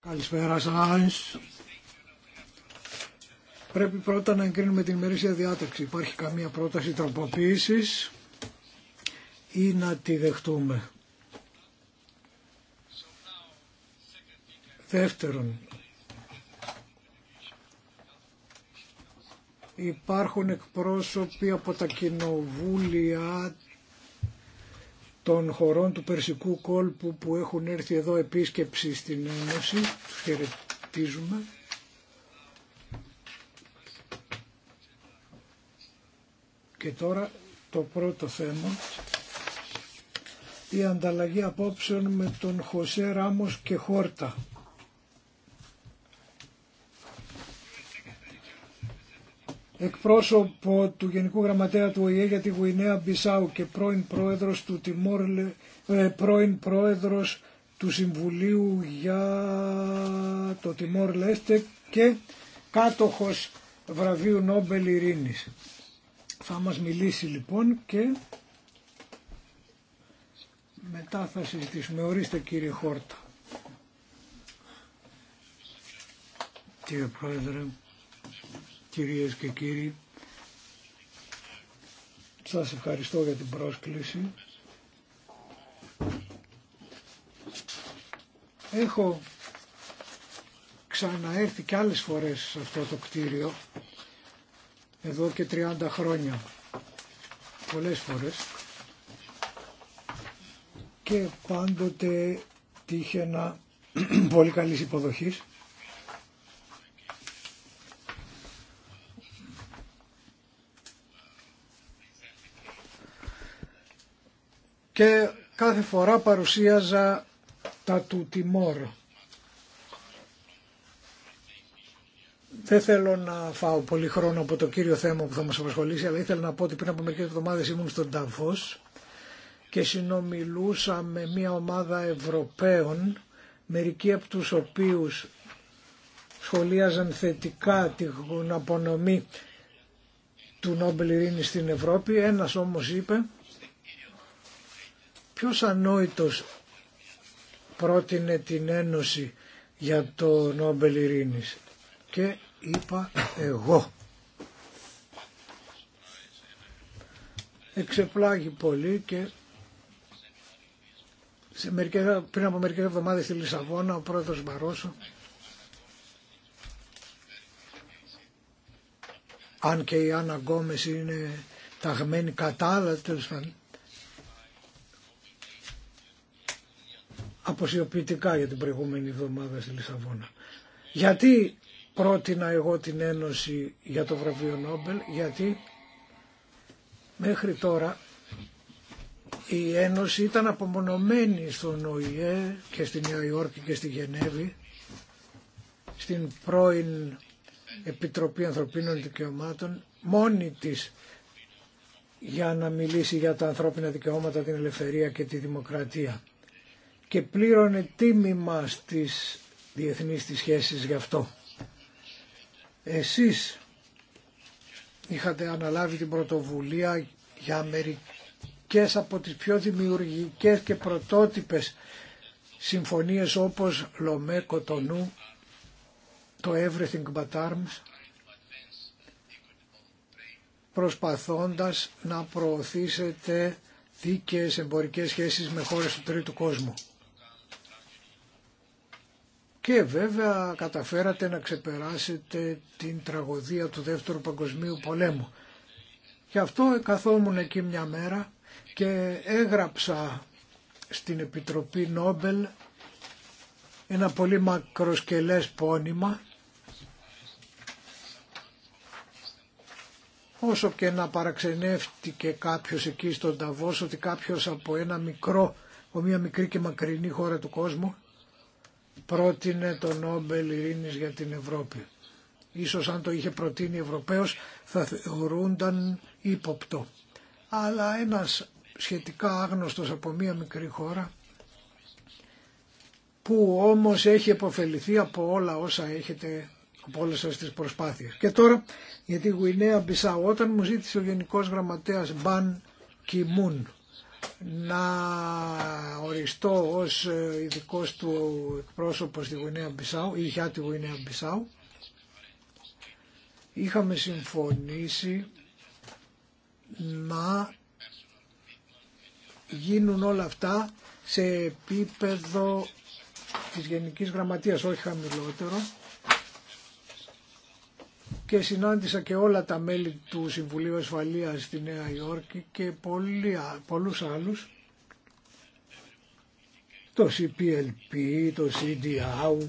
Καλησπέρα σας. Πρέπει πρώτα να εγκρίνουμε την ημερήσια διάταξη. Υπάρχει καμία πρόταση τροποποίησης ή να τη δεχτούμε. Δεύτερον, υπάρχουν εκπρόσωποι από τα κοινοβούλια των χωρών του Περσικού κόλπου που έχουν έρθει εδώ επίσκεψη στην Ένωση. Τους χαιρετίζουμε. Και τώρα το πρώτο θέμα, η ανταλλαγή απόψεων με τον Χωσέ Ράμος και Χόρτα. εκπρόσωπο του Γενικού Γραμματέα του ΟΗΕ για τη Γουινέα Μπισάου και πρώην πρόεδρος του ε, πρώην πρόεδρος του Συμβουλίου για το Τιμόρ Λέστε και κάτοχος βραβείου Νόμπελ Ειρήνης. Θα μας μιλήσει λοιπόν και μετά θα συζητήσουμε. Ορίστε κύριε Χόρτα. Κύριε Πρόεδρε, κυρίες και κύριοι. Σας ευχαριστώ για την πρόσκληση. Έχω ξαναέρθει και άλλες φορές σε αυτό το κτίριο εδώ και 30 χρόνια πολλές φορές και πάντοτε τύχαινα πολύ καλής υποδοχής και κάθε φορά παρουσίαζα τα του Τιμόρ. Δεν θέλω να φάω πολύ χρόνο από το κύριο θέμα που θα μας απασχολήσει, αλλά ήθελα να πω ότι πριν από μερικές εβδομάδες ήμουν στον Ταβός και συνομιλούσα με μια ομάδα Ευρωπαίων, μερικοί από τους οποίους σχολίαζαν θετικά την απονομή του Νόμπελ Ειρήνη στην Ευρώπη. Ένας όμως είπε ποιος ανόητος πρότεινε την Ένωση για το Νόμπελ Ειρήνης και είπα εγώ. Εξεπλάγει πολύ και σε μερικές, πριν από μερικές εβδομάδες στη Λισαβόνα ο πρόεδρος Μπαρόσο αν και η Άννα Γκόμες είναι ταγμένη κατάλληλα τέλος αποσιοποιητικά για την προηγούμενη εβδομάδα στη Λισαβόνα. Γιατί πρότεινα εγώ την Ένωση για το βραβείο Νόμπελ, γιατί μέχρι τώρα η Ένωση ήταν απομονωμένη στον ΟΗΕ και στη Νέα Υόρκη και στη Γενέβη, στην πρώην Επιτροπή Ανθρωπίνων Δικαιωμάτων, μόνη της για να μιλήσει για τα ανθρώπινα δικαιώματα, την ελευθερία και τη δημοκρατία και πλήρωνε τίμημα στις διεθνείς της σχέσεις γι' αυτό. Εσείς είχατε αναλάβει την πρωτοβουλία για μερικές από τις πιο δημιουργικές και πρωτότυπες συμφωνίες όπως Λομέ Κοτονού, το Everything But Arms, προσπαθώντας να προωθήσετε δίκαιες εμπορικές σχέσεις με χώρες του τρίτου κόσμου. Και βέβαια καταφέρατε να ξεπεράσετε την τραγωδία του Δεύτερου Παγκοσμίου Πολέμου. Γι' αυτό καθόμουν εκεί μια μέρα και έγραψα στην Επιτροπή Νόμπελ ένα πολύ μακροσκελές πόνημα όσο και να παραξενεύτηκε κάποιος εκεί στον Ταβός ότι κάποιος από ένα μικρό, από μια μικρή και μακρινή χώρα του κόσμου πρότεινε το Νόμπελ Ειρήνης για την Ευρώπη. Ίσως αν το είχε προτείνει Ευρωπαίος θα θεωρούνταν ύποπτο. Αλλά ένας σχετικά άγνωστος από μία μικρή χώρα που όμως έχει επωφεληθεί από όλα όσα έχετε από όλες σας τις προσπάθειες. Και τώρα γιατί τη Γουινέα Μπισάου όταν μου ζήτησε ο Γενικός Γραμματέας Μπαν Κιμούν να οριστώ ως ε, ειδικό του εκπρόσωπο στη Γουινέα Μπισάου ή για τη Γουινέα Μπισάου. Είχαμε συμφωνήσει να γίνουν όλα αυτά σε επίπεδο της Γενικής Γραμματείας, όχι χαμηλότερο, και συνάντησα και όλα τα μέλη του Συμβουλίου Ασφαλείας στη Νέα Υόρκη και πολλοί, πολλούς άλλους το CPLP, το CDAU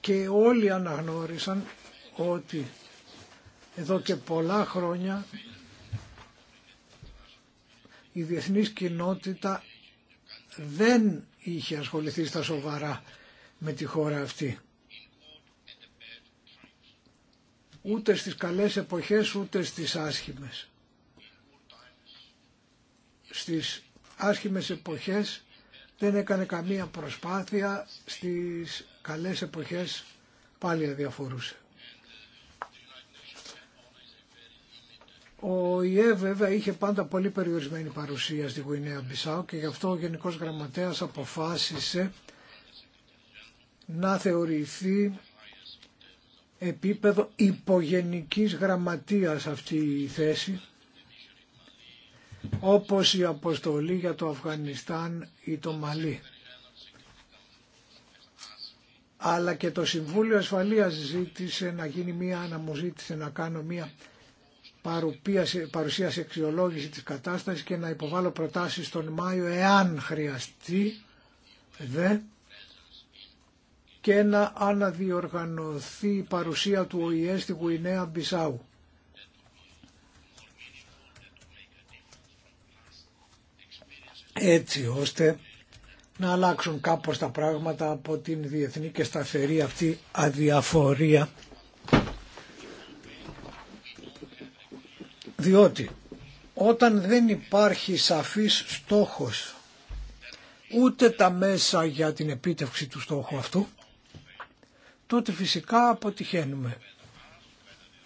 και όλοι αναγνώρισαν ότι εδώ και πολλά χρόνια η διεθνής κοινότητα δεν είχε ασχοληθεί στα σοβαρά με τη χώρα αυτή. ούτε στις καλές εποχές ούτε στις άσχημες. Στις άσχημες εποχές δεν έκανε καμία προσπάθεια, στις καλές εποχές πάλι αδιαφορούσε. Ο ΙΕ βέβαια είχε πάντα πολύ περιορισμένη παρουσία στη Γουινέα Μπισάου και γι' αυτό ο Γενικός Γραμματέας αποφάσισε να θεωρηθεί επίπεδο υπογενικής γραμματείας αυτή η θέση όπως η αποστολή για το Αφγανιστάν ή το Μαλί. Αλλά και το Συμβούλιο Ασφαλείας ζήτησε να γίνει μία, να μου να κάνω μία παρουσίαση αξιολόγηση της κατάστασης και να υποβάλω προτάσεις τον Μάιο εάν χρειαστεί δε και να αναδιοργανωθεί η παρουσία του ΟΗΕ στη Γουινέα Μπισάου. Έτσι ώστε να αλλάξουν κάπως τα πράγματα από την διεθνή και σταθερή αυτή αδιαφορία. Διότι όταν δεν υπάρχει σαφής στόχος ούτε τα μέσα για την επίτευξη του στόχου αυτού τότε φυσικά αποτυχαίνουμε.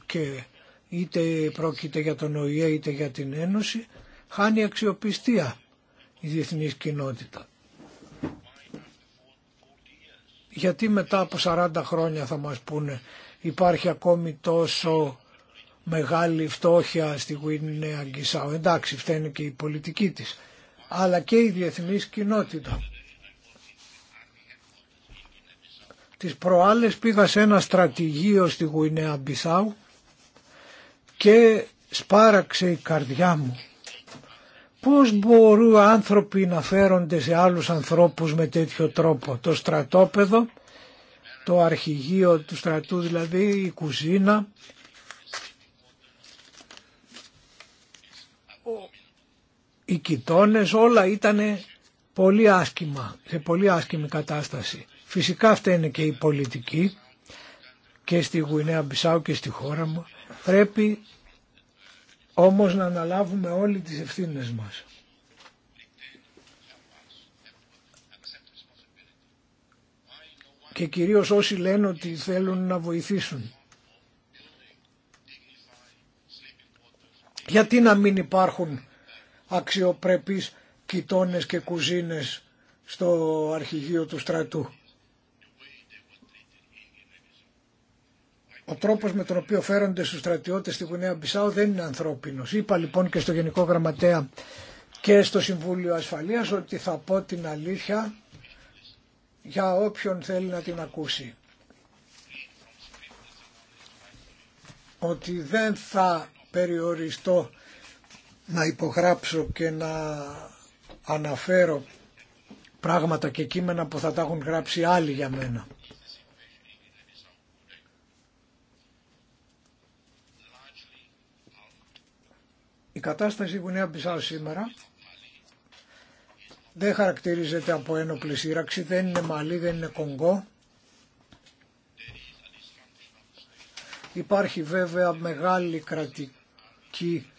Και είτε πρόκειται για τον ΟΗΕ είτε για την Ένωση, χάνει αξιοπιστία η διεθνής κοινότητα. Γιατί μετά από 40 χρόνια θα μας πούνε υπάρχει ακόμη τόσο μεγάλη φτώχεια στη Γουινέα Αγγισάου. Εντάξει, φταίνει και η πολιτική της. Αλλά και η διεθνής κοινότητα. Τις προάλλες πήγα σε ένα στρατηγείο στη Γουινέα Μπισάου και σπάραξε η καρδιά μου. Πώς μπορούν άνθρωποι να φέρονται σε άλλους ανθρώπους με τέτοιο τρόπο. Το στρατόπεδο, το αρχηγείο του στρατού δηλαδή, η κουζίνα, οι κοιτώνες όλα ήταν πολύ άσκημα, σε πολύ άσκημη κατάσταση. Φυσικά αυτά είναι και οι πολιτική και στη Γουινέα Μπισάου και στη χώρα μου. Πρέπει όμως να αναλάβουμε όλοι τις ευθύνες μας. Και κυρίως όσοι λένε ότι θέλουν να βοηθήσουν. Γιατί να μην υπάρχουν αξιοπρεπείς κοιτώνες και κουζίνες στο αρχηγείο του στρατού. Ο τρόπος με τον οποίο φέρονται στους στρατιώτες στη Γουνέα Μπισάου δεν είναι ανθρώπινος. Είπα λοιπόν και στο Γενικό Γραμματέα και στο Συμβούλιο Ασφαλείας ότι θα πω την αλήθεια για όποιον θέλει να την ακούσει. Ότι δεν θα περιοριστώ να υπογράψω και να αναφέρω πράγματα και κείμενα που θα τα έχουν γράψει άλλοι για μένα. Η κατάσταση που είναι σήμερα δεν χαρακτηρίζεται από ένοπλη σύραξη, δεν είναι μαλλί, δεν είναι Κονγκό. Υπάρχει βέβαια μεγάλη κρατική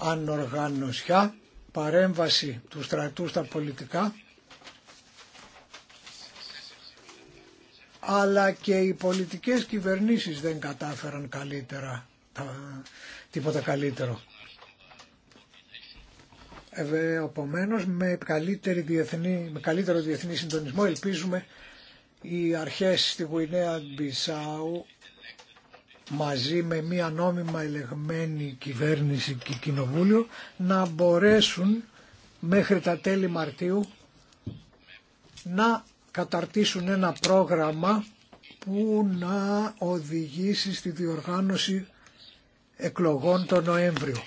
ανοργανωσιά, παρέμβαση του στρατού στα πολιτικά, αλλά και οι πολιτικές κυβερνήσεις δεν κατάφεραν καλύτερα, τίποτα καλύτερο. Επομένω, με, καλύτερη διεθνή, με καλύτερο διεθνή συντονισμό ελπίζουμε οι αρχές στη Γουινέα Μπισάου μαζί με μια νόμιμα ελεγμένη κυβέρνηση και κοινοβούλιο να μπορέσουν μέχρι τα τέλη Μαρτίου να καταρτήσουν ένα πρόγραμμα που να οδηγήσει στη διοργάνωση εκλογών το Νοέμβριο.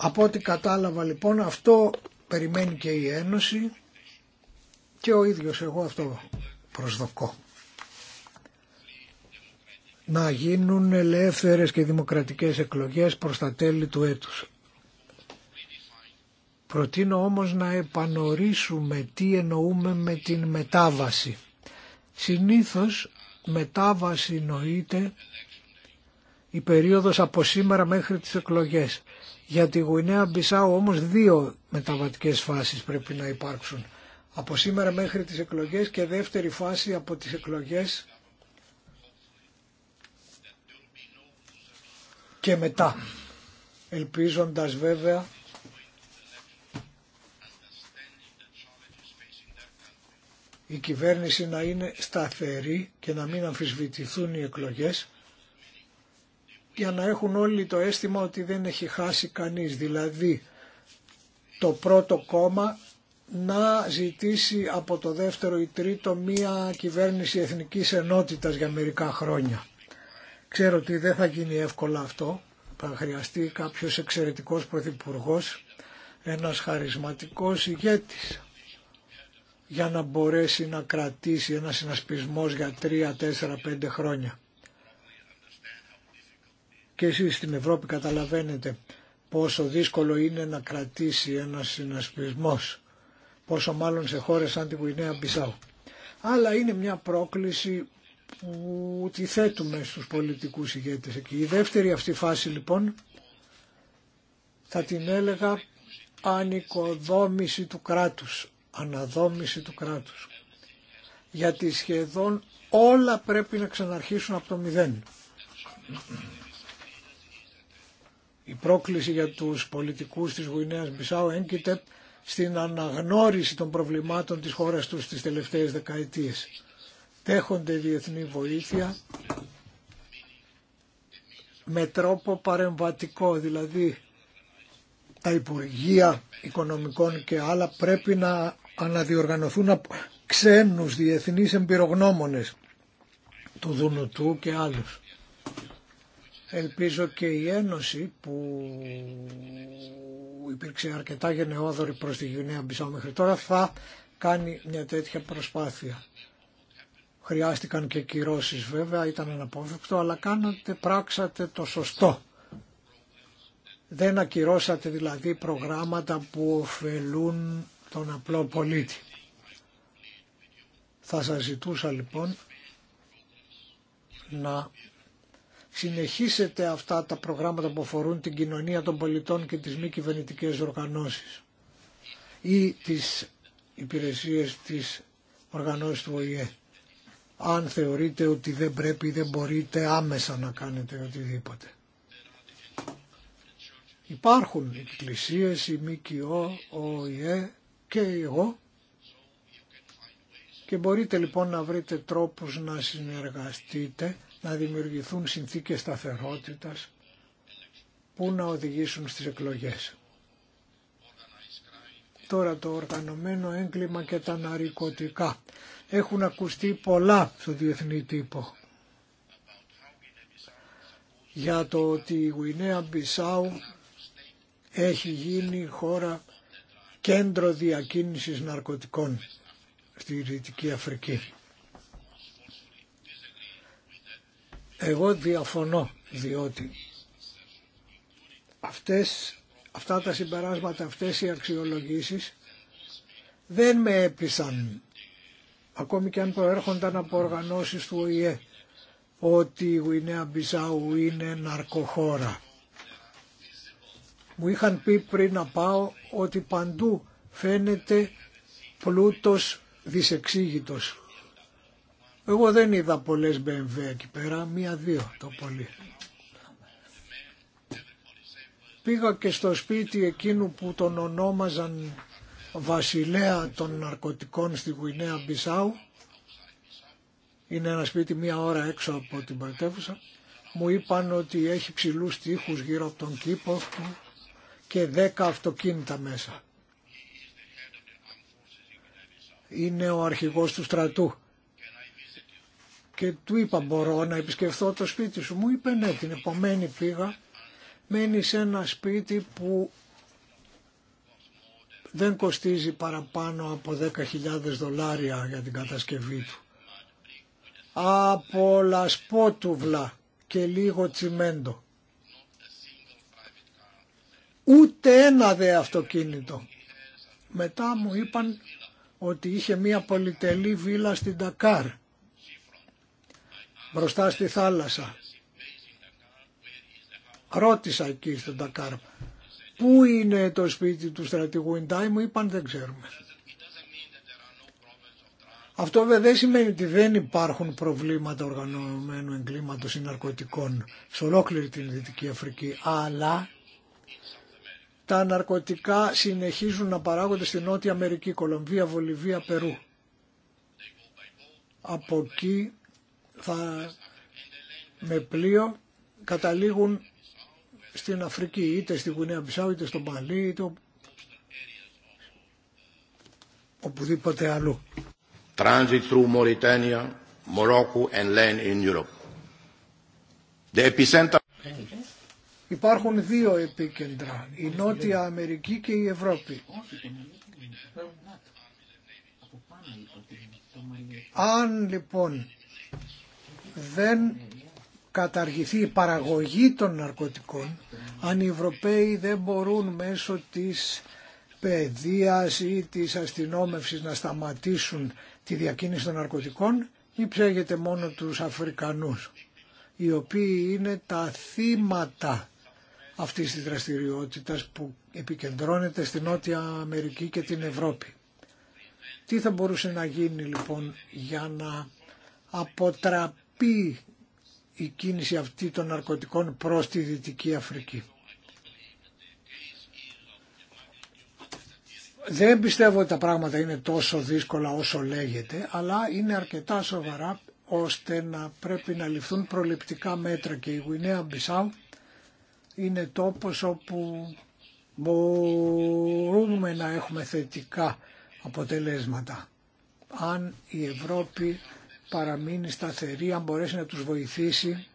Από ό,τι κατάλαβα λοιπόν αυτό περιμένει και η Ένωση και ο ίδιος εγώ αυτό προσδοκώ. Να γίνουν ελεύθερες και δημοκρατικές εκλογές προς τα τέλη του έτους. Προτείνω όμως να επανορίσουμε τι εννοούμε με την μετάβαση. Συνήθως μετάβαση νοείται η περίοδος από σήμερα μέχρι τις εκλογές. Για τη Γουινέα Μπισάου όμως δύο μεταβατικές φάσεις πρέπει να υπάρξουν. Από σήμερα μέχρι τις εκλογές και δεύτερη φάση από τις εκλογές και μετά. Ελπίζοντας βέβαια η κυβέρνηση να είναι σταθερή και να μην αμφισβητηθούν οι εκλογές για να έχουν όλοι το αίσθημα ότι δεν έχει χάσει κανείς. Δηλαδή το πρώτο κόμμα να ζητήσει από το δεύτερο ή τρίτο μία κυβέρνηση εθνικής ενότητας για μερικά χρόνια. Ξέρω ότι δεν θα γίνει εύκολα αυτό. Θα χρειαστεί κάποιος εξαιρετικός πρωθυπουργός, ένας χαρισματικός ηγέτης για να μπορέσει να κρατήσει ένα συνασπισμό για 3, 4, 5 χρόνια. Και εσείς στην Ευρώπη καταλαβαίνετε πόσο δύσκολο είναι να κρατήσει ένα συνασπισμός, πόσο μάλλον σε χώρες σαν τη Γουινέα Μπισάου. Αλλά είναι μια πρόκληση που τη θέτουμε στους πολιτικούς ηγέτες εκεί. Η δεύτερη αυτή φάση λοιπόν θα την έλεγα ανοικοδόμηση του κράτους αναδόμηση του κράτους. Γιατί σχεδόν όλα πρέπει να ξαναρχίσουν από το μηδέν. Η πρόκληση για τους πολιτικούς της Γουινέας Μπισάου έγκυται στην αναγνώριση των προβλημάτων της χώρας τους τις τελευταίες δεκαετίες. Τέχονται διεθνή βοήθεια με τρόπο παρεμβατικό, δηλαδή τα Υπουργεία Οικονομικών και άλλα πρέπει να Αναδιοργανωθούν από ξένους διεθνείς εμπειρογνώμονες του Δουνουτού και άλλους. Ελπίζω και η Ένωση που υπήρξε αρκετά γενναιόδορη προς τη Γυναία Μπισάου μέχρι τώρα θα κάνει μια τέτοια προσπάθεια. Χρειάστηκαν και κυρώσεις βέβαια, ήταν αναπόφευκτο, αλλά κάνατε, πράξατε το σωστό. Δεν ακυρώσατε δηλαδή προγράμματα που ωφελούν τον απλό πολίτη. Θα σας ζητούσα λοιπόν να συνεχίσετε αυτά τα προγράμματα που αφορούν την κοινωνία των πολιτών και τις μη κυβερνητικέ οργανώσεις ή τις υπηρεσίες της οργανώσεις του ΟΗΕ. Αν θεωρείτε ότι δεν πρέπει ή δεν μπορείτε άμεσα να κάνετε οτιδήποτε. Υπάρχουν εκκλησίες, η ΜΚΟ, ο ΟΗΕ και εγώ και μπορείτε λοιπόν να βρείτε τρόπους να συνεργαστείτε, να δημιουργηθούν συνθήκες σταθερότητας που να οδηγήσουν στις εκλογές. Τώρα το οργανωμένο έγκλημα και τα ναρικοτικά. Έχουν ακουστεί πολλά στο διεθνή τύπο για το ότι η Γουινέα Μπισάου έχει γίνει χώρα κέντρο διακίνησης ναρκωτικών στη Δυτική Αφρική. Εγώ διαφωνώ διότι αυτές, αυτά τα συμπεράσματα, αυτές οι αξιολογήσεις δεν με έπεισαν ακόμη και αν προέρχονταν από οργανώσεις του ΟΗΕ ότι η Γουινέα Μπιζάου είναι ναρκοχώρα. Μου είχαν πει πριν να πάω ότι παντού φαίνεται πλούτος δυσεξήγητος. Εγώ δεν είδα πολλές BMW εκεί πέρα, μία-δύο το πολύ. Πήγα και στο σπίτι εκείνου που τον ονόμαζαν βασιλέα των ναρκωτικών στη Γουινέα Μπισάου. Είναι ένα σπίτι μία ώρα έξω από την πρωτεύουσα. Μου είπαν ότι έχει ψηλούς τείχους γύρω από τον κήπο και δέκα αυτοκίνητα μέσα. Είναι ο αρχηγός του στρατού. Και του είπα μπορώ να επισκεφθώ το σπίτι σου. Μου είπε ναι, την επομένη πήγα. Μένει σε ένα σπίτι που δεν κοστίζει παραπάνω από 10.000 δολάρια για την κατασκευή του. Από λασπότουβλα και λίγο τσιμέντο ούτε ένα δε αυτοκίνητο. Μετά μου είπαν ότι είχε μία πολυτελή βίλα στην Τακάρ, μπροστά στη θάλασσα. Ρώτησα εκεί στην Τακάρ, πού είναι το σπίτι του στρατηγού Ιντάι, μου είπαν δεν ξέρουμε. Αυτό βέβαια δεν σημαίνει ότι δεν υπάρχουν προβλήματα οργανωμένου εγκλήματος ή ναρκωτικών σε ολόκληρη την Δυτική Αφρική, αλλά τα ναρκωτικά συνεχίζουν να παράγονται στην Νότια Αμερική, Κολομβία, Βολιβία, Περού. Από εκεί θα με πλοίο καταλήγουν στην Αφρική, είτε στη Γουνέα Μπισάου, είτε στο Μαλί, είτε οπουδήποτε αλλού. Transit through Mauritania, Morocco and land in Europe. The epicenter Υπάρχουν δύο επίκεντρα, η Νότια Αμερική και η Ευρώπη. Αν λοιπόν δεν καταργηθεί η παραγωγή των ναρκωτικών, αν οι Ευρωπαίοι δεν μπορούν μέσω της παιδείας ή της αστυνόμευσης να σταματήσουν τη διακίνηση των ναρκωτικών, ή ψέγεται μόνο τους Αφρικανούς, οι οποίοι είναι τα θύματα αυτή τη δραστηριότητα που επικεντρώνεται στην Νότια Αμερική και την Ευρώπη. Τι θα μπορούσε να γίνει λοιπόν για να αποτραπεί η κίνηση αυτή των ναρκωτικών προς τη Δυτική Αφρική. Δεν πιστεύω ότι τα πράγματα είναι τόσο δύσκολα όσο λέγεται, αλλά είναι αρκετά σοβαρά ώστε να πρέπει να ληφθούν προληπτικά μέτρα και η Γουινέα Μπισάου είναι τόπος όπου μπορούμε να έχουμε θετικά αποτελέσματα. Αν η Ευρώπη παραμείνει σταθερή, αν μπορέσει να τους βοηθήσει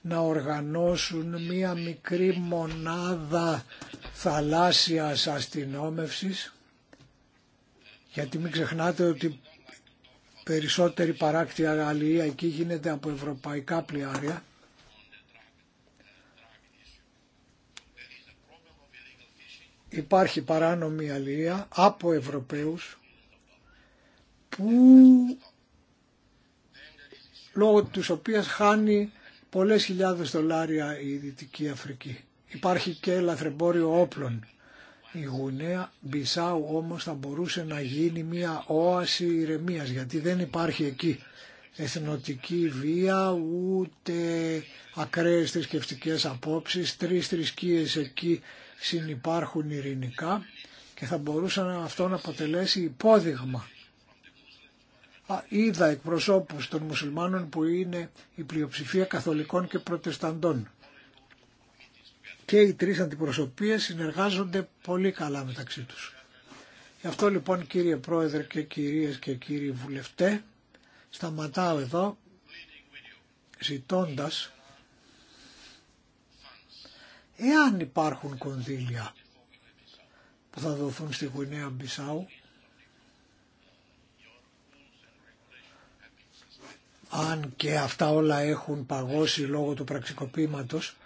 να οργανώσουν μία μικρή μονάδα θαλάσσιας αστυνόμευσης, γιατί μην ξεχνάτε ότι περισσότερη παράκτια αλληλεία εκεί γίνεται από ευρωπαϊκά πλοιάρια, υπάρχει παράνομη αλληλεία από Ευρωπαίους που λόγω τους οποίας χάνει πολλές χιλιάδες δολάρια η Δυτική Αφρική. Υπάρχει και λαθρεμπόριο όπλων. Η Γουνέα Μπισάου όμως θα μπορούσε να γίνει μια όαση ηρεμίας γιατί δεν υπάρχει εκεί εθνοτική βία ούτε ακραίες θρησκευτικέ απόψεις, τρεις θρησκείες εκεί συνυπάρχουν ειρηνικά και θα μπορούσε αυτό να αποτελέσει υπόδειγμα. Είδα εκπροσώπους των μουσουλμάνων που είναι η πλειοψηφία καθολικών και προτεσταντών. Και οι τρεις αντιπροσωπείες συνεργάζονται πολύ καλά μεταξύ τους. Γι' αυτό λοιπόν κύριε Πρόεδρε και κυρίες και κύριοι βουλευτέ, σταματάω εδώ ζητώντας Εάν υπάρχουν κονδύλια που θα δοθούν στη Γουινέα Μπισάου, αν και αυτά όλα έχουν παγώσει λόγω του πραξικοπήματος,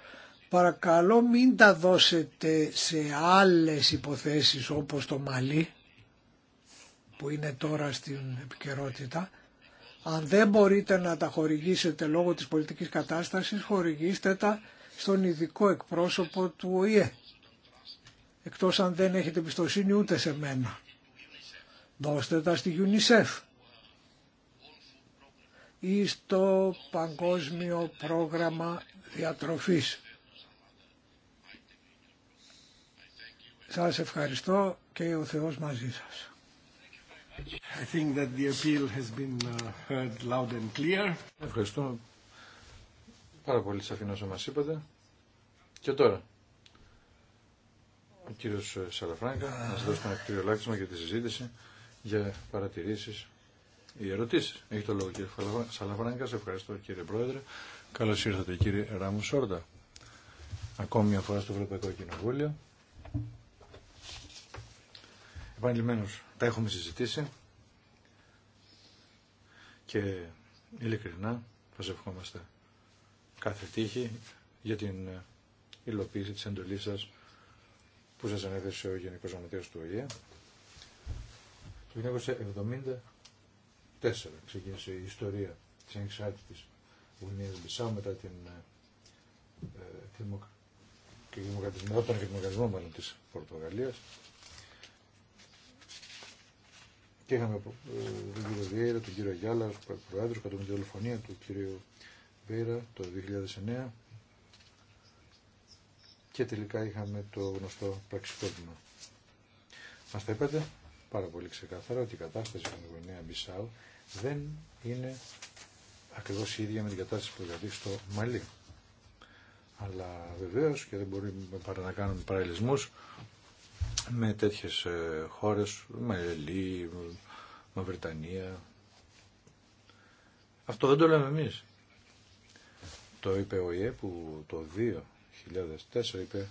παρακαλώ μην τα δώσετε σε άλλες υποθέσεις όπως το Μαλί, που είναι τώρα στην επικαιρότητα, αν δεν μπορείτε να τα χορηγήσετε λόγω της πολιτικής κατάστασης, χορηγήστε τα στον ειδικό εκπρόσωπο του ΟΗΕ. Εκτός αν δεν έχετε εμπιστοσύνη ούτε σε μένα. Δώστε τα στη UNICEF ή στο Παγκόσμιο Πρόγραμμα Διατροφής. Σας ευχαριστώ και ο Θεός μαζί σας. I think Πάρα πολύ σαφήν όσο μας είπατε. Και τώρα, ο κύριος Σαλαφράγκα να σας δώσει ένα λάκτισμα για τη συζήτηση, για παρατηρήσεις ή ερωτήσεις. Έχει το λόγο κύριε Σαλαφράγκα, σε ευχαριστώ κύριε Πρόεδρε. Καλώς ήρθατε κύριε Ράμου Σόρτα. Ακόμη μια φορά στο Ευρωπαϊκό Κοινοβούλιο. Επανειλημμένως τα έχουμε συζητήσει και ειλικρινά σας ευχόμαστε κάθε τύχη για την ε, υλοποίηση της εντολής σας που σας ανέθεσε ο Γενικός Γραμματέας του ΟΗΕ. Το 1974 ξεκίνησε η ιστορία της ανεξάρτητης Βουνίας Μπισάου μετά την ε, ε και δημοκρατισμό, μετά τον εκδημοκρατισμό μάλλον της Πορτογαλίας και είχαμε ε, τον κύριο Βιέρα, τον κύριο Γιάλα, τον πρόεδρο, κατά τη δολοφονία του κύριου το 2009 και τελικά είχαμε το γνωστό πραξικόπημα. Μας τα είπατε πάρα πολύ ξεκάθαρα ότι η κατάσταση στην Γουινέα Μπισάου δεν είναι ακριβώς η ίδια με την κατάσταση που δηλαδή στο Μαλί. Αλλά βεβαίως και δεν μπορούμε παρά να κάνουμε παραλληλισμούς με τέτοιες ε, χώρες, Μαλί, Μαυρτανία. Αυτό δεν το λέμε εμείς. Το είπε ο ΙΕ που το 2004 είπε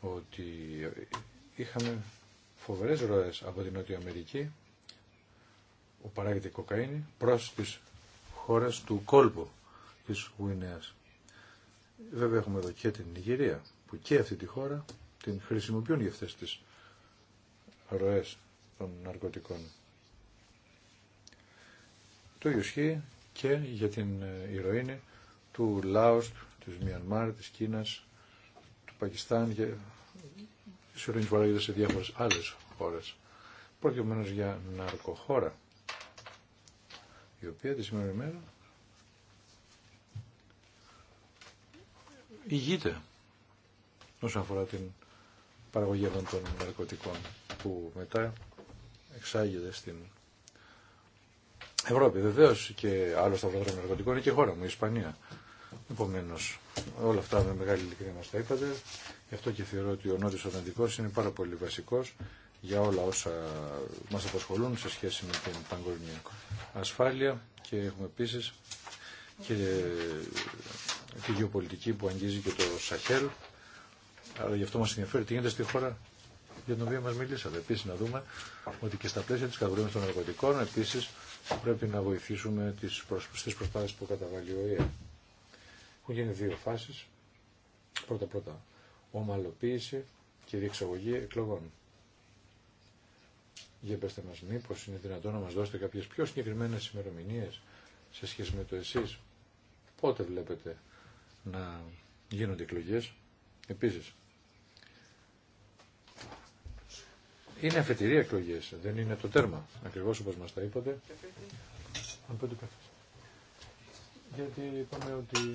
ότι είχαμε φοβερές ροές από την Νότια Αμερική που παράγεται κοκαίνη προς τις χώρες του κόλπου της Γουινέας. Βέβαια έχουμε εδώ και την Νιγηρία που και αυτή τη χώρα την χρησιμοποιούν για αυτές τις ροές των ναρκωτικών. Το ίδιο και για την ε, ηρωίνη του Λάος, τη Μιανμάρ, της Κίνας, του Πακιστάν και της Ειρήνης σε διάφορες άλλες χώρες. Προκειμένω για ναρκοχώρα, η οποία τη σήμερα ημέρα ηγείται όσον αφορά την παραγωγή αυτών των ναρκωτικών που μετά εξάγεται στην Ευρώπη. Βεβαίω και άλλο των ναρκωτικών είναι και η χώρα μου, η Ισπανία. Επομένω, όλα αυτά με μεγάλη ειλικρίνεια μα τα είπατε. Γι' αυτό και θεωρώ ότι ο Νότιο Ατλαντικό είναι πάρα πολύ βασικό για όλα όσα μα απασχολούν σε σχέση με την παγκόσμια ασφάλεια και έχουμε επίση και τη γεωπολιτική που αγγίζει και το Σαχέλ. Άρα γι' αυτό μα ενδιαφέρει τι γίνεται στη χώρα για την οποία μα μιλήσατε. Επίση, να δούμε ότι και στα πλαίσια τη κατοχή των ναρκωτικών, επίση, πρέπει να βοηθήσουμε τι προσπάθειε που καταβάλει ο ΕΕ. Έχουν γίνει δύο φάσεις. Πρώτα-πρώτα ομαλοποίηση και διεξαγωγή εκλογών. Για πέστε μας μήπως είναι δυνατόν να μας δώσετε κάποιες πιο συγκεκριμένες ημερομηνίε σε σχέση με το εσείς. Πότε βλέπετε να γίνονται εκλογές. Επίσης, είναι αφετηρία εκλογέ. δεν είναι το τέρμα, ακριβώ όπω μα τα είπατε. Γιατί είπαμε ότι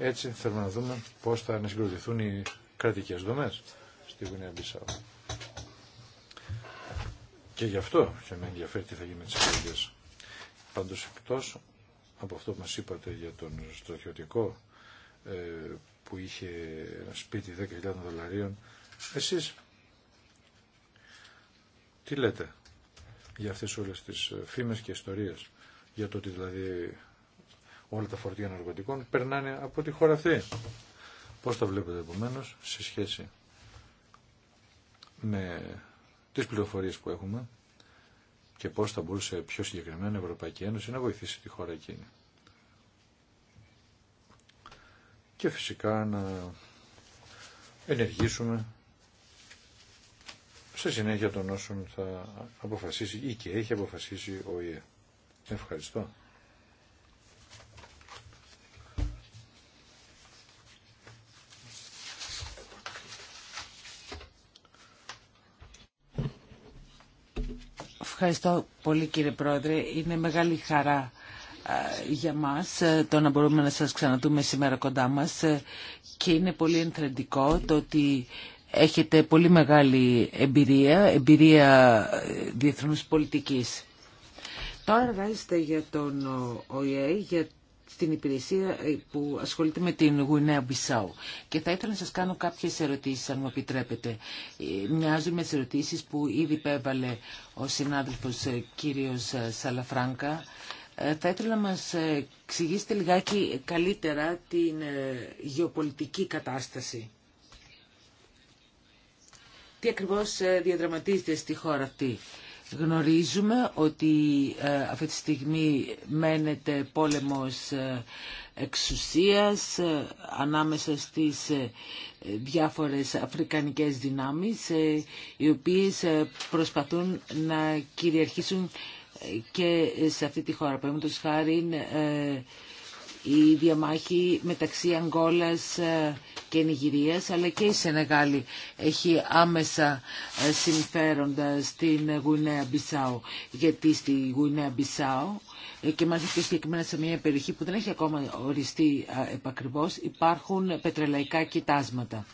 έτσι θέλουμε να δούμε πώς θα ανασυγκροτηθούν οι κρατικές δομές στη Γουνία Μπισάου. Και γι' αυτό και με ενδιαφέρει τι θα γίνει με τις εκλογές. Πάντως εκτός από αυτό που μας είπατε για τον στρατιωτικό ε, που είχε ένα σπίτι 10.000 δολαρίων, εσείς τι λέτε για αυτές όλες τις ε, φήμες και ιστορίες, για το ότι δηλαδή όλα τα φορτία ναρκωτικών περνάνε από τη χώρα αυτή. Πώς τα βλέπετε επομένω σε σχέση με τις πληροφορίες που έχουμε και πώς θα μπορούσε πιο συγκεκριμένα η Ευρωπαϊκή Ένωση να βοηθήσει τη χώρα εκείνη. Και φυσικά να ενεργήσουμε σε συνέχεια των όσων θα αποφασίσει ή και έχει αποφασίσει ο ΙΕ. Ευχαριστώ. Ευχαριστώ πολύ κύριε Πρόεδρε. Είναι μεγάλη χαρά για μας το να μπορούμε να σας ξαναδούμε σήμερα κοντά μας και είναι πολύ ενθρεντικό το ότι έχετε πολύ μεγάλη εμπειρία, εμπειρία διεθνούς πολιτικής. Τώρα εργάζεστε για τον ΟΗΕ, για στην υπηρεσία ε, που ασχολείται με την Γουινέα Μπισάου. Και θα ήθελα να σας κάνω κάποιες ερωτήσεις, αν μου επιτρέπετε. Ε, Μοιάζουν με τις ερωτήσεις που ήδη υπέβαλε ο συνάδελφος ε, κύριος Σαλαφράνκα. Θα ήθελα να μας εξηγήσετε λιγάκι καλύτερα την γεωπολιτική κατάσταση. Τι ακριβώς διαδραματίζεται στη χώρα αυτή. Γνωρίζουμε ότι ε, αυτή τη στιγμή μένεται πόλεμος ε, εξουσίας ε, ανάμεσα στις διάφορες αφρικανικές δυνάμεις οι οποίες προσπαθούν να κυριαρχήσουν και σε αυτή τη χώρα. Παραδείγματος χάρη η διαμάχη μεταξύ Αγγόλας ε, και Νιγηρίας αλλά και η Σενεγάλη έχει άμεσα ε, συμφέροντα στην Γουινέα Μπισάου γιατί στη Γουινέα Μπισάου ε, και μάλιστα και συγκεκριμένα σε μια περιοχή που δεν έχει ακόμα οριστεί επακριβώς υπάρχουν πετρελαϊκά κοιτάσματα.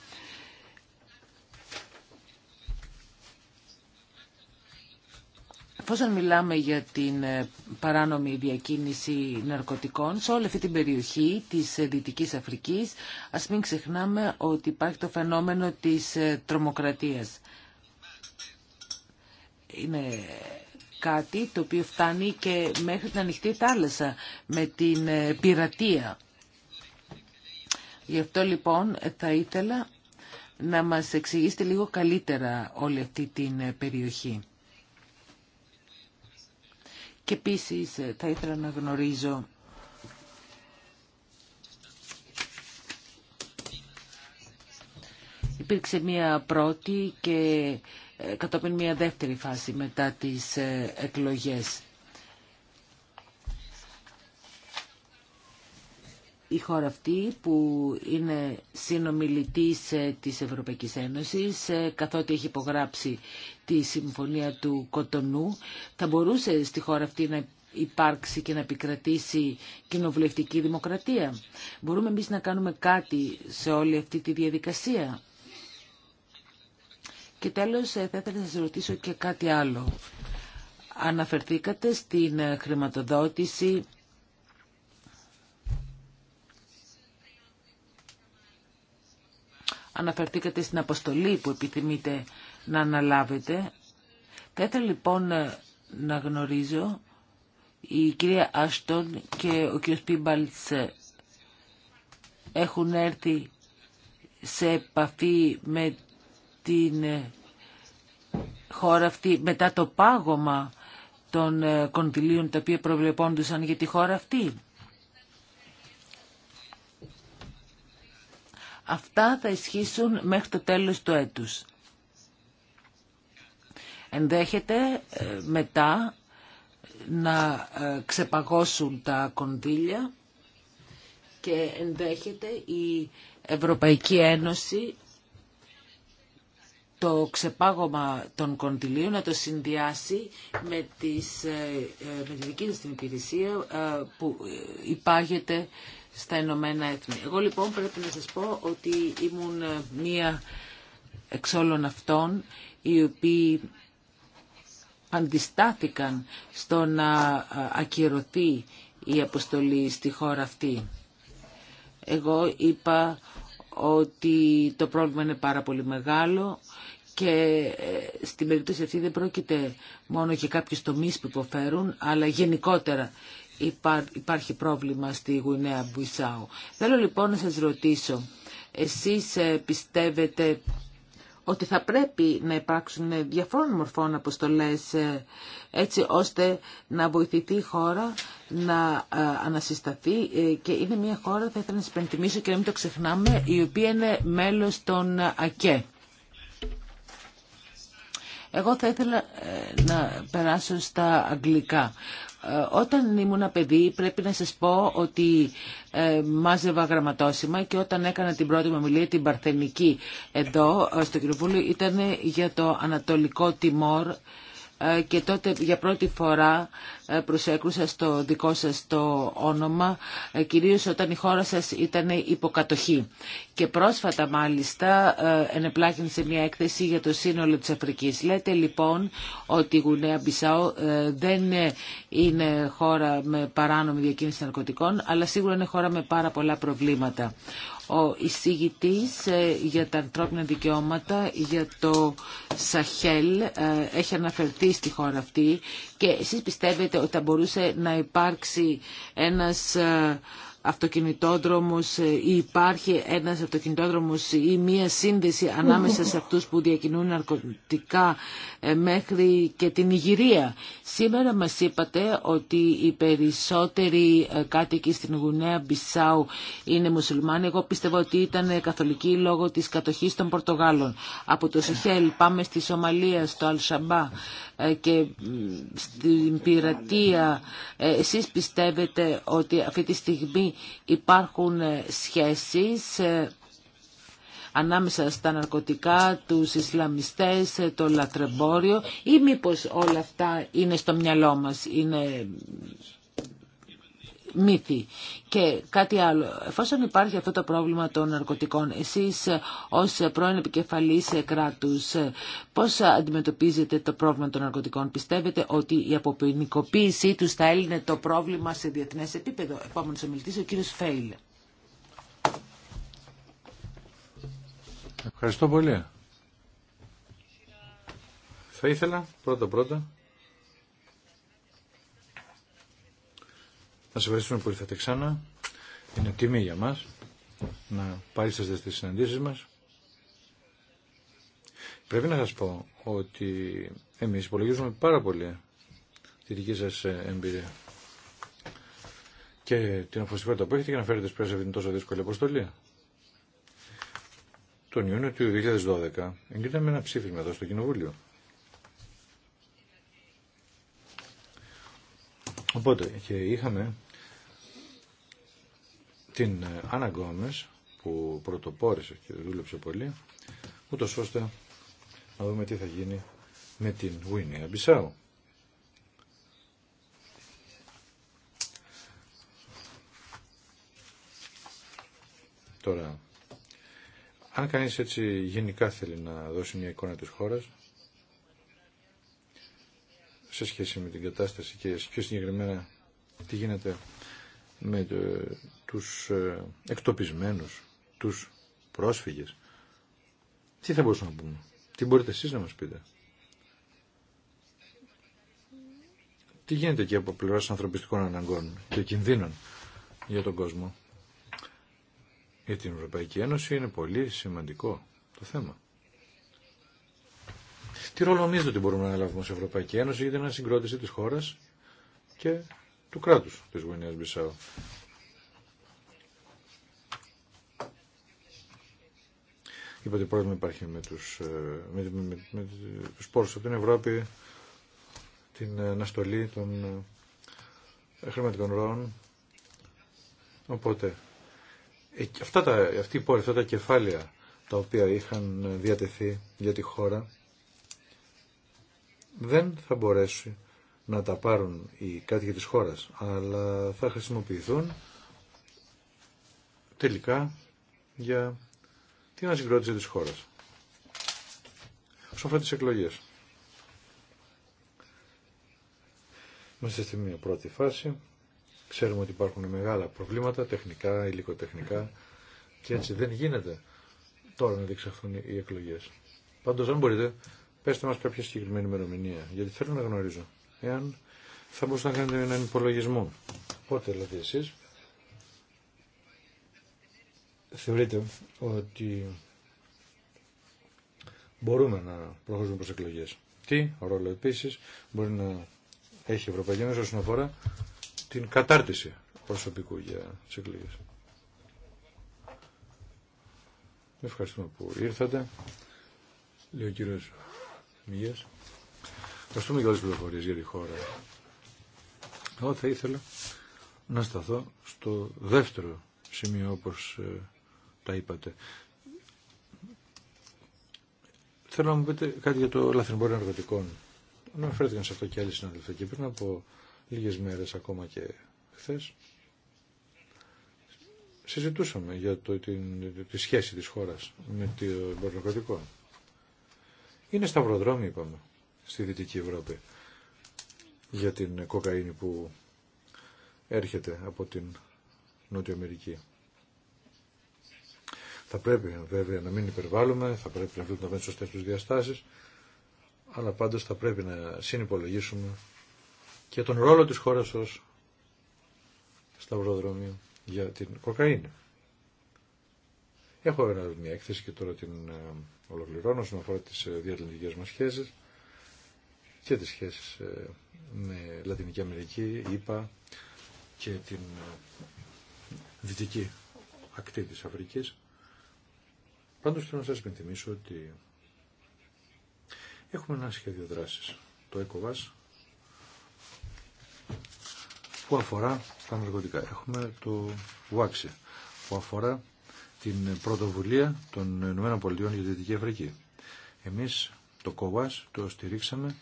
Εφόσον μιλάμε για την ε, παράνομη διακίνηση ναρκωτικών σε όλη αυτή την περιοχή της ε, Δυτικής Αφρικής, ας μην ξεχνάμε ότι υπάρχει το φαινόμενο της ε, τρομοκρατίας. Είναι κάτι το οποίο φτάνει και μέχρι την ανοιχτή θάλασσα με την πειρατεία. Γι' αυτό λοιπόν θα ήθελα να μας εξηγήσετε λίγο καλύτερα όλη αυτή την περιοχή. Και επίση ε, θα ήθελα να γνωρίζω Υπήρξε μία πρώτη και ε, κατόπιν μία δεύτερη φάση μετά τις ε, εκλογές. η χώρα αυτή που είναι συνομιλητής ε, της Ευρωπαϊκής Ένωσης ε, καθότι έχει υπογράψει τη Συμφωνία του Κοτονού θα μπορούσε στη χώρα αυτή να υπάρξει και να επικρατήσει κοινοβουλευτική δημοκρατία. Μπορούμε εμείς να κάνουμε κάτι σε όλη αυτή τη διαδικασία. Και τέλος ε, θα ήθελα να σας ρωτήσω και κάτι άλλο. Αναφερθήκατε στην χρηματοδότηση αναφερθήκατε στην αποστολή που επιθυμείτε να αναλάβετε. Θα ήθελα λοιπόν να γνωρίζω η κυρία Άστον και ο κύριος Πίμπαλτς έχουν έρθει σε επαφή με την χώρα αυτή μετά το πάγωμα των κοντιλίων τα οποία προβλεπόντουσαν για τη χώρα αυτή. Αυτά θα ισχύσουν μέχρι το τέλος του έτους. Ενδέχεται ε, μετά να ε, ξεπαγώσουν τα κονδύλια και ενδέχεται η Ευρωπαϊκή Ένωση το ξεπάγωμα των κονδυλίων να το συνδυάσει με, τις, ε, με τη δική της την υπηρεσία που υπάγεται στα Ηνωμένα Έθνη. Εγώ λοιπόν πρέπει να σας πω ότι ήμουν μία εξ όλων αυτών οι οποίοι αντιστάθηκαν στο να ακυρωθεί η αποστολή στη χώρα αυτή. Εγώ είπα ότι το πρόβλημα είναι πάρα πολύ μεγάλο και ε, στην περίπτωση αυτή δεν πρόκειται μόνο για κάποιους τομείς που υποφέρουν, αλλά γενικότερα υπάρχει πρόβλημα στη Γουινέα Μπουισάου. Θέλω λοιπόν να σας ρωτήσω, εσείς ε, πιστεύετε ότι θα πρέπει να υπάρξουν διαφόρων μορφών αποστολές ε, έτσι ώστε να βοηθηθεί η χώρα να ε, ανασυσταθεί και είναι μια χώρα, θα ήθελα να σας και να μην το ξεχνάμε, η οποία είναι μέλος των ΑΚΕ. Εγώ θα ήθελα να περάσω στα αγγλικά. Ε, όταν ήμουν παιδί πρέπει να σας πω ότι ε, μάζευα γραμματόσημα και όταν έκανα την πρώτη μου ομιλία την Παρθενική εδώ ε, στο Κοινοβούλιο ήταν για το Ανατολικό Τιμόρ και τότε για πρώτη φορά προσέκρουσα στο δικό σας το όνομα, ε, κυρίως όταν η χώρα σας ήταν υποκατοχή. Και πρόσφατα μάλιστα ε, ενεπλάκην σε μια έκθεση για το σύνολο της Αφρικής. Λέτε λοιπόν ότι η Γουνέα Μπισάου ε, δεν είναι χώρα με παράνομη διακίνηση ναρκωτικών, αλλά σίγουρα είναι χώρα με πάρα πολλά προβλήματα. Ο εισηγητής για τα ανθρώπινα δικαιώματα, για το Σαχέλ, έχει αναφερθεί στη χώρα αυτή και εσείς πιστεύετε ότι θα μπορούσε να υπάρξει ένας ε, αυτοκινητόδρομος ε, ή υπάρχει ένας αυτοκινητόδρομος ή μία σύνδεση ανάμεσα σε αυτούς που διακινούν ναρκωτικά ε, μέχρι και την Ιγυρία. Σήμερα μας είπατε ότι οι περισσότεροι κάτοικοι στην Γουνέα Μπισάου είναι μουσουλμάνοι. Εγώ πιστεύω ότι ήταν καθολικοί λόγω της κατοχής των Πορτογάλων. Από το Σιχέλ πάμε στη Σομαλία, στο Αλσαμπά. Ε, και στην πειρατεία. Ε, εσείς πιστεύετε ότι αυτή τη στιγμή υπάρχουν ε, σχέσεις ανάμεσα στα ναρκωτικά, τους Ισλαμιστές, το λατρεμπόριο ή μήπως όλα αυτά είναι στο μυαλό μας, είναι μύθοι. Και κάτι άλλο, εφόσον υπάρχει αυτό το πρόβλημα των ναρκωτικών, εσείς ως πρώην επικεφαλής κράτους, πώς αντιμετωπίζετε το πρόβλημα των ναρκωτικών. Πιστεύετε ότι η αποποινικοποίησή τους θα έλυνε το πρόβλημα σε διεθνές επίπεδο. Επόμενος ομιλητής, ο κύριος Φέιλ. Ευχαριστώ πολύ. Θα ήθελα πρώτα πρώτα Να σας ευχαριστούμε που ήρθατε ξανά. Είναι τιμή για μας να παρίσταστε στις συναντήσεις μας. Πρέπει να σας πω ότι εμείς υπολογίζουμε πάρα πολύ τη δική σας ε, εμπειρία και την αφοσιβότητα που έχετε για να φέρετε σπέρα σε αυτήν τόσο δύσκολη αποστολή. Τον Ιούνιο του 2012 εγκρίναμε ένα ψήφισμα εδώ στο Κοινοβούλιο. Οπότε και είχαμε την ε, Άννα Γκόμες, που πρωτοπόρησε και δούλεψε πολύ, ούτως ώστε να δούμε τι θα γίνει με την Βουίνια Μπισάου. Τώρα, αν κανείς έτσι γενικά θέλει να δώσει μια εικόνα της χώρας, σε σχέση με την κατάσταση και πιο συγκεκριμένα τι γίνεται με τους ε, εκτοπισμένους, τους πρόσφυγες. Τι θα μπορούσαμε να πούμε, τι μπορείτε εσείς να μας πείτε. Τι γίνεται και από πλευράς ανθρωπιστικών αναγκών και κινδύνων για τον κόσμο. Για την Ευρωπαϊκή Ένωση είναι πολύ σημαντικό το θέμα. Τι ρόλο νομίζετε ότι μπορούμε να λάβουμε σε Ευρωπαϊκή Ένωση για την ανασυγκρότηση της χώρας και του κράτους της Γουινέας Μπισάου. ότι πρόβλημα υπάρχει με τους, ε, με, με, τους πόρους από την Ευρώπη, την ε, αναστολή των ε, χρηματικών ροών. Οπότε, αυτά τα, αυτή αυτά τα κεφάλαια τα οποία είχαν διατεθεί για τη χώρα, δεν θα μπορέσει να τα πάρουν οι κάτοικοι της χώρας, αλλά θα χρησιμοποιηθούν τελικά για να συγκρότησε της χώρας. Σε αφορά τις εκλογές. Είμαστε στη μία πρώτη φάση. Ξέρουμε ότι υπάρχουν μεγάλα προβλήματα, τεχνικά, υλικοτεχνικά και έτσι δεν γίνεται τώρα να διεξαχθούν οι εκλογές. Πάντως αν μπορείτε, πέστε μας κάποια συγκεκριμένη ημερομηνία, γιατί θέλω να γνωρίζω. Εάν θα μπορούσατε να κάνετε έναν υπολογισμό. Πότε δηλαδή εσείς θεωρείτε ότι μπορούμε να προχωρήσουμε προς εκλογές. Τι ρόλο επίσης μπορεί να έχει η Ευρωπαϊκή Ένωση όσον αφορά την κατάρτιση προσωπικού για τις εκλογές. Ευχαριστούμε που ήρθατε. Λέει ο κύριος Μηγές. Ευχαριστούμε για για τη χώρα. Εγώ θα ήθελα να σταθώ στο δεύτερο σημείο όπως ε, τα είπατε. Θέλω να μου πείτε κάτι για το λαθρεμπόριο ναρκωτικών. Αναφέρθηκαν σε αυτό και άλλοι συναδελφοί και πριν από λίγες μέρες ακόμα και χθε. συζητούσαμε για το, την, τη σχέση της χώρας με το εμπόριο ναρκωτικών. Είναι σταυροδρόμι, είπαμε, στη Δυτική Ευρώπη για την κοκαίνη που έρχεται από την Νότια Αμερική. Θα πρέπει βέβαια να μην υπερβάλλουμε, θα πρέπει να βρούμε σωστέ του τους διαστάσεις, αλλά πάντως θα πρέπει να συνυπολογίσουμε και τον ρόλο της χώρας ως σταυροδρόμιο για την κοκαίνη. Έχω μια έκθεση και τώρα την ε, ολοκληρώνω όσον αφορά τις ε, διατλαντικές μας σχέσεις και τις σχέσεις ε, με Λατινική Αμερική, ΗΠΑ και την δυτική ακτή της Αφρικής. Πάντω θέλω να σας υπενθυμίσω ότι έχουμε ένα σχέδιο δράσης, το ΕΚΟΒΑΣ, που αφορά τα ναρκωτικά. Έχουμε το ΒΟΑΞΙ που αφορά την πρωτοβουλία των ΗΠΑ για τη Δυτική Αφρική. Εμείς το ΚΟΒΑΣ το στηρίξαμε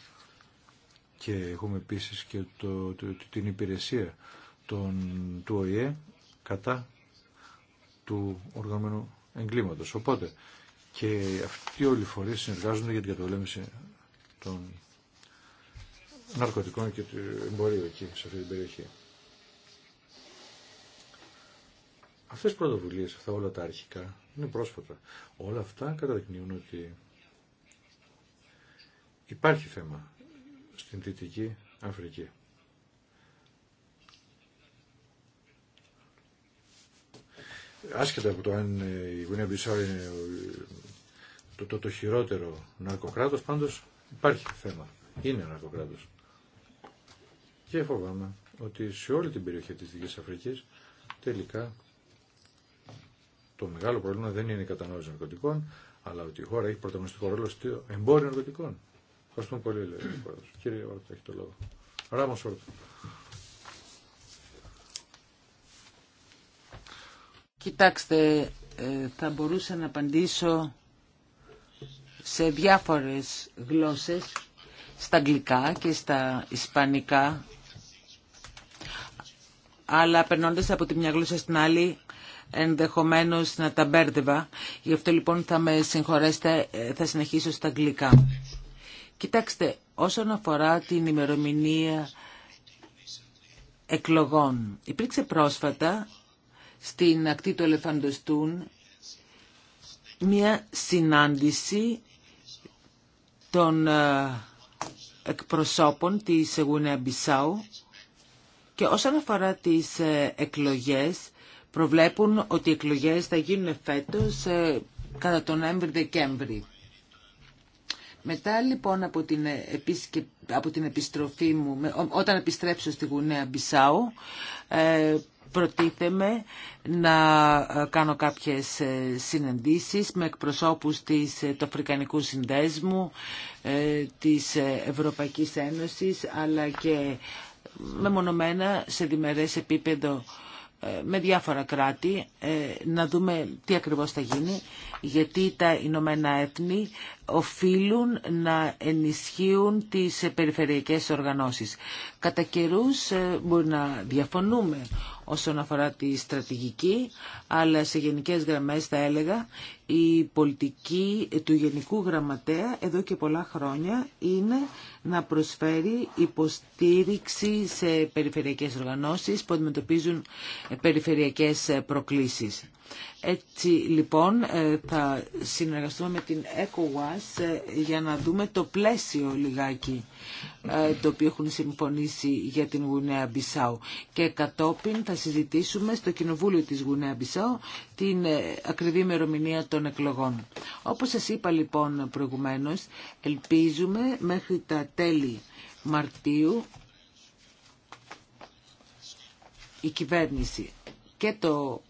και έχουμε επίσης και την υπηρεσία των, του ΟΗΕ κατά του οργανωμένου εγκλήματος. Οπότε και αυτοί όλοι οι φορείς συνεργάζονται για την κατολέμηση των ναρκωτικών και του εμπορίου εκεί, σε αυτή την περιοχή. Αυτές οι πρωτοβουλίες, αυτά όλα τα αρχικά, είναι πρόσφατα. Όλα αυτά καταδεικνύουν ότι υπάρχει θέμα στην Δυτική Αφρική. άσχετα από το αν η Γουνία Μπισάου είναι το, το, το χειρότερο ναρκοκράτος, πάντως υπάρχει θέμα. Είναι ναρκοκράτος. Και φοβάμαι ότι σε όλη την περιοχή της Δυτική Αφρικής τελικά το μεγάλο πρόβλημα δεν είναι η κατανόηση ναρκωτικών, αλλά ότι η χώρα έχει πρωταγωνιστικό ρόλο στο εμπόριο ναρκωτικών. Ευχαριστούμε πολύ, λέει ο Κύριε Όρτα, έχει το λόγο. Ράμος Κοιτάξτε, ε, θα μπορούσα να απαντήσω σε διάφορες γλώσσες, στα αγγλικά και στα ισπανικά, αλλά περνώντας από τη μια γλώσσα στην άλλη, ενδεχομένως να τα μπέρδευα. Γι' αυτό λοιπόν θα με συγχωρέσετε, ε, θα συνεχίσω στα αγγλικά. Κοιτάξτε, όσον αφορά την ημερομηνία εκλογών, υπήρξε πρόσφατα στην ακτή του Ελεφαντοστούν μια συνάντηση των ε, εκπροσώπων της Γουνέα Μπισάου και όσον αφορά τις ε, εκλογές προβλέπουν ότι οι εκλογές θα γίνουν φέτος ε, κατά τον Νοέμβρη-Δεκέμβρη. Μετά λοιπόν από την, από την επιστροφή μου, όταν επιστρέψω στη Γουνέα Μπισάου, προτίθεμαι να ε, κάνω κάποιες ε, συναντήσεις με εκπροσώπους της, ε, του Αφρικανικού Συνδέσμου, της Ευρωπαϊκής Ένωσης, αλλά και μεμονωμένα σε διμερές επίπεδο με διάφορα κράτη να δούμε τι ακριβώς θα γίνει γιατί τα Ηνωμένα Έθνη οφείλουν να ενισχύουν τις περιφερειακές οργανώσεις. Κατά καιρού ε, μπορεί να διαφωνούμε όσον αφορά τη στρατηγική, αλλά σε γενικές γραμμές θα έλεγα η πολιτική του Γενικού Γραμματέα εδώ και πολλά χρόνια είναι να προσφέρει υποστήριξη σε περιφερειακές οργανώσεις που αντιμετωπίζουν περιφερειακές προκλήσεις. Έτσι λοιπόν ε, θα συνεργαστούμε με την ECOWAS ε, για να δούμε το πλαίσιο λιγάκι ε, το οποίο έχουν συμφωνήσει για την Γουνέα Μπισάου. Και κατόπιν θα συζητήσουμε στο Κοινοβούλιο της Γουνέα Μπισάου την ακριβή ημερομηνία των εκλογών. Όπως σας είπα λοιπόν προηγουμένως, ελπίζουμε μέχρι τα τέλη Μαρτίου η κυβέρνηση και το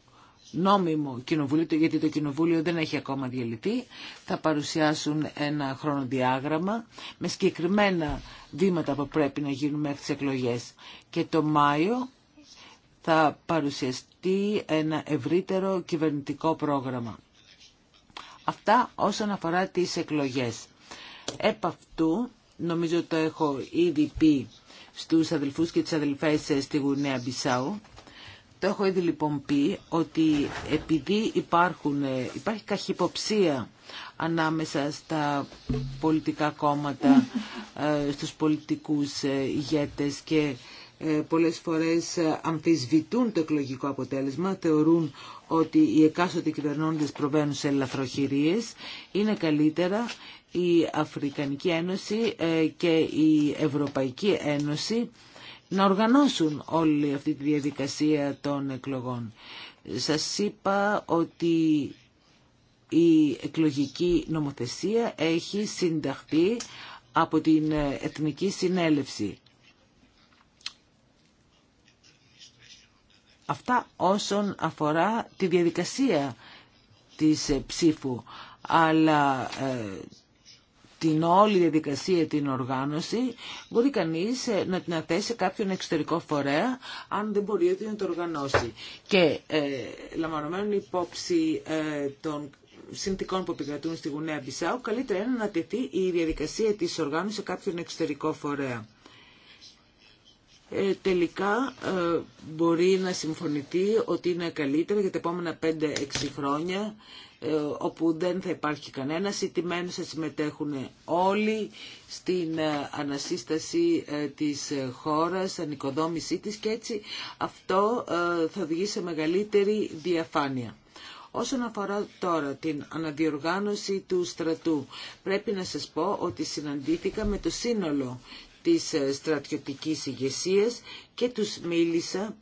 νόμιμο κοινοβούλιο, γιατί το κοινοβούλιο δεν έχει ακόμα διαλυθεί, θα παρουσιάσουν ένα χρονοδιάγραμμα με συγκεκριμένα βήματα που πρέπει να γίνουν μέχρι τις εκλογές. Και το Μάιο θα παρουσιαστεί ένα ευρύτερο κυβερνητικό πρόγραμμα. Αυτά όσον αφορά τις εκλογές. Επ' αυτού, νομίζω το έχω ήδη πει στους αδελφούς και τις αδελφές ε, στη Γουνέα Μπισάου, το έχω ήδη λοιπόν πει ότι επειδή υπάρχουν, ε, υπάρχει καχυποψία ανάμεσα στα πολιτικά κόμματα, ε, στους πολιτικούς ε, ηγέτες και πολλές φορές αμφισβητούν το εκλογικό αποτέλεσμα, θεωρούν ότι οι εκάστοτε κυβερνώντες προβαίνουν σε ελαφροχειρίες, είναι καλύτερα η Αφρικανική Ένωση και η Ευρωπαϊκή Ένωση να οργανώσουν όλη αυτή τη διαδικασία των εκλογών. Σας είπα ότι η εκλογική νομοθεσία έχει συνταχθεί από την Εθνική Συνέλευση. Αυτά όσον αφορά τη διαδικασία της ψήφου. Αλλά ε, την όλη διαδικασία, την οργάνωση, μπορεί κανείς ε, να την αθέσει κάποιον εξωτερικό φορέα, αν δεν μπορεί ότι να το οργανώσει. Και ε, λαμβανωμένων υπόψη ε, των συνθηκών που επικρατούν στη Γουνέα Μπισάου, καλύτερα είναι να τεθεί η διαδικασία της οργάνωσης σε κάποιον εξωτερικό φορέα. Ε, τελικά μπορεί να συμφωνηθεί ότι είναι καλύτερα για τα επόμενα 5-6 χρόνια ε, όπου δεν θα υπάρχει κανένας ηττημένος, θα συμμετέχουν όλοι στην ε, ανασύσταση ε, της χώρας, στην οικοδόμησή της και έτσι αυτό θα οδηγεί σε μεγαλύτερη διαφάνεια. Όσον αφορά τώρα την αναδιοργάνωση του στρατού, πρέπει να σας πω ότι συναντήθηκα με το σύνολο της στρατιωτικής ηγεσία και τους μίλησα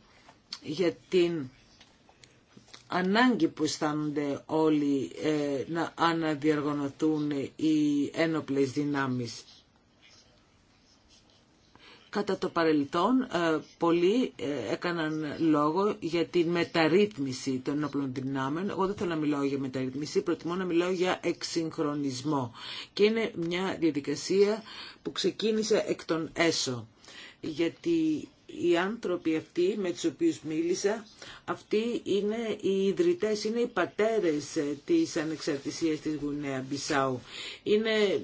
για την ανάγκη που αισθάνονται όλοι ε, να αναδιοργανωθούν οι ένοπλες δυνάμεις. Κατά το παρελθόν, ε, πολλοί ε, έκαναν λόγο για τη μεταρρύθμιση των ενόπλων δυνάμεων. Εγώ δεν θέλω να μιλάω για μεταρρύθμιση, προτιμώ να μιλάω για εξυγχρονισμό. Και είναι μια διαδικασία που ξεκίνησε εκ των έσω, γιατί οι άνθρωποι αυτοί με τους οποίους μίλησα, αυτοί είναι οι ιδρυτές, είναι οι πατέρες ε, της ανεξαρτησίας της Γουνέα Μπισάου. Είναι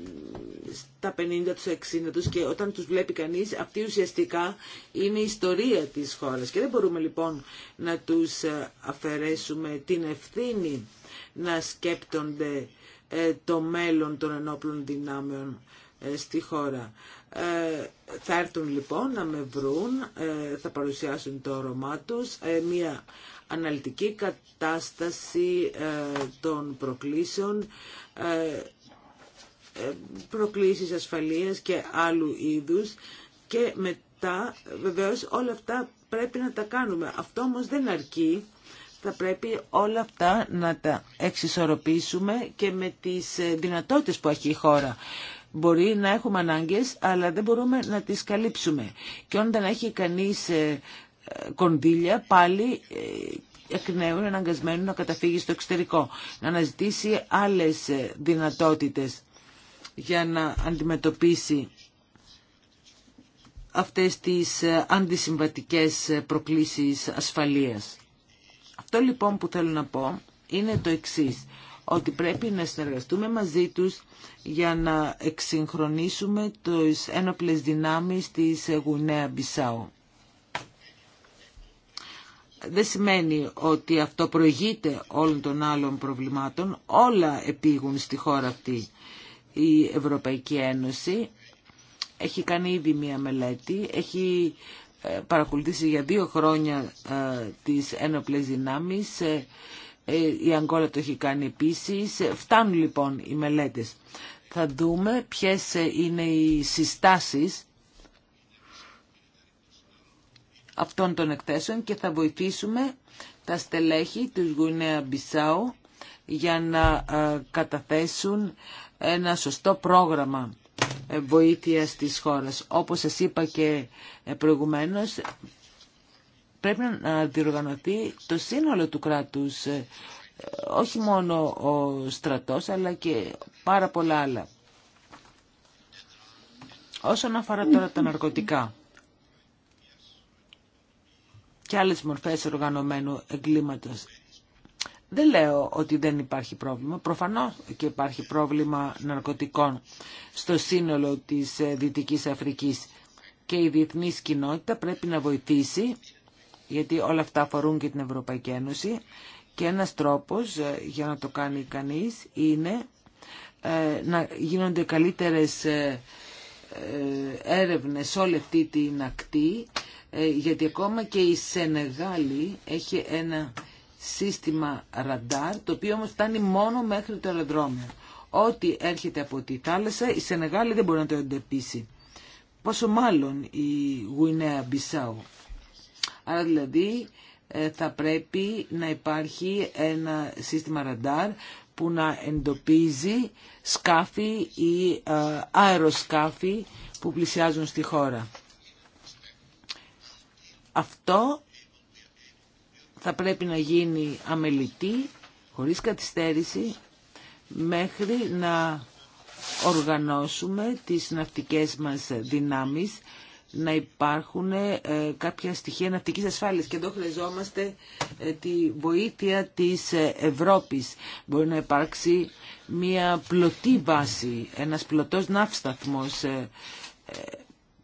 στα 50 τους, 60 τους και όταν τους βλέπει κανείς αυτή ουσιαστικά είναι η ιστορία της χώρας και δεν μπορούμε λοιπόν να τους ε, αφαιρέσουμε την ευθύνη να σκέπτονται ε, το μέλλον των ενόπλων δυνάμεων στη χώρα. Ε, θα έρθουν λοιπόν να με βρουν, ε, θα παρουσιάσουν το όρομά τους, ε, μια αναλυτική κατάσταση των προκλήσεων, προκλήσεις ασφαλείας και άλλου είδους και μετά βεβαίως όλα αυτά πρέπει να τα κάνουμε. Αυτό όμως δεν αρκεί. Θα πρέπει όλα αυτά να τα εξισορροπήσουμε και με τις δυνατότητες που έχει η χώρα. Μπορεί να έχουμε ανάγκες, αλλά δεν μπορούμε να τις καλύψουμε. Και όταν έχει κανείς ε, ε, κονδύλια, πάλι ε, εκ νέου είναι αναγκασμένο να καταφύγει στο εξωτερικό, να αναζητήσει άλλες δυνατότητες για να αντιμετωπίσει αυτές τις αντισυμβατικές προκλήσεις ασφαλείας. Αυτό λοιπόν που θέλω να πω είναι το εξής ότι πρέπει να συνεργαστούμε μαζί τους για να εξυγχρονίσουμε τις ένοπλες δυνάμεις της Γουνέα Μπισάου. Δεν σημαίνει ότι αυτό προηγείται όλων των άλλων προβλημάτων. Όλα επίγουν στη χώρα αυτή. Η Ευρωπαϊκή Ένωση έχει κάνει ήδη μία μελέτη, έχει ε, παρακολουθήσει για δύο χρόνια ε, τις ένοπλες δυνάμεις ε, ε, η Αγκόλα το έχει κάνει επίσης. Ε, φτάνουν λοιπόν οι μελέτες. Θα δούμε ποιες ε, είναι οι συστάσεις αυτών των εκθέσεων και θα βοηθήσουμε τα στελέχη του Γουινέα Μπισάου για να καταθέσουν ένα σωστό πρόγραμμα βοήθειας της χώρας. Όπως σας είπα και προηγουμένως, πρέπει να διοργανωθεί το σύνολο του κράτους, ε, όχι μόνο ο στρατός, αλλά και πάρα πολλά άλλα. Όσον αφορά τώρα τα ναρκωτικά και άλλες μορφές οργανωμένου εγκλήματος, δεν λέω ότι δεν υπάρχει πρόβλημα. Προφανώς και υπάρχει πρόβλημα ναρκωτικών στο σύνολο της ε, Δυτικής Αφρικής και η διεθνής κοινότητα πρέπει να βοηθήσει γιατί όλα αυτά αφορούν και την Ευρωπαϊκή Ένωση και ένας τρόπος ε, για να το κάνει κανείς είναι ε, να γίνονται καλύτερες ε, έρευνες σε όλη αυτή την ακτή γιατί ακόμα και η Σενεγάλη έχει ένα σύστημα ραντάρ το οποίο όμως φτάνει μόνο μέχρι το αεροδρόμιο. Ό,τι έρχεται από τη θάλασσα η Σενεγάλη δεν μπορεί να το εντεπίσει. Πόσο μάλλον η Γουινέα Μπισάου. Άρα δηλαδή ε, θα πρέπει να υπάρχει ένα σύστημα ραντάρ που να εντοπίζει σκάφη ή ε, αεροσκάφη που πλησιάζουν στη χώρα. Αυτό θα πρέπει να γίνει αμελητή, χωρίς καθυστέρηση, μέχρι να οργανώσουμε τις ναυτικές μας δυνάμεις να υπάρχουν ε, κάποια στοιχεία ναυτική ασφάλεια. και εδώ χρειαζόμαστε ε, τη βοήθεια της ε, Ευρώπης. Μπορεί να υπάρξει μια πλωτή βάση, ένας πλωτός ναύσταθμος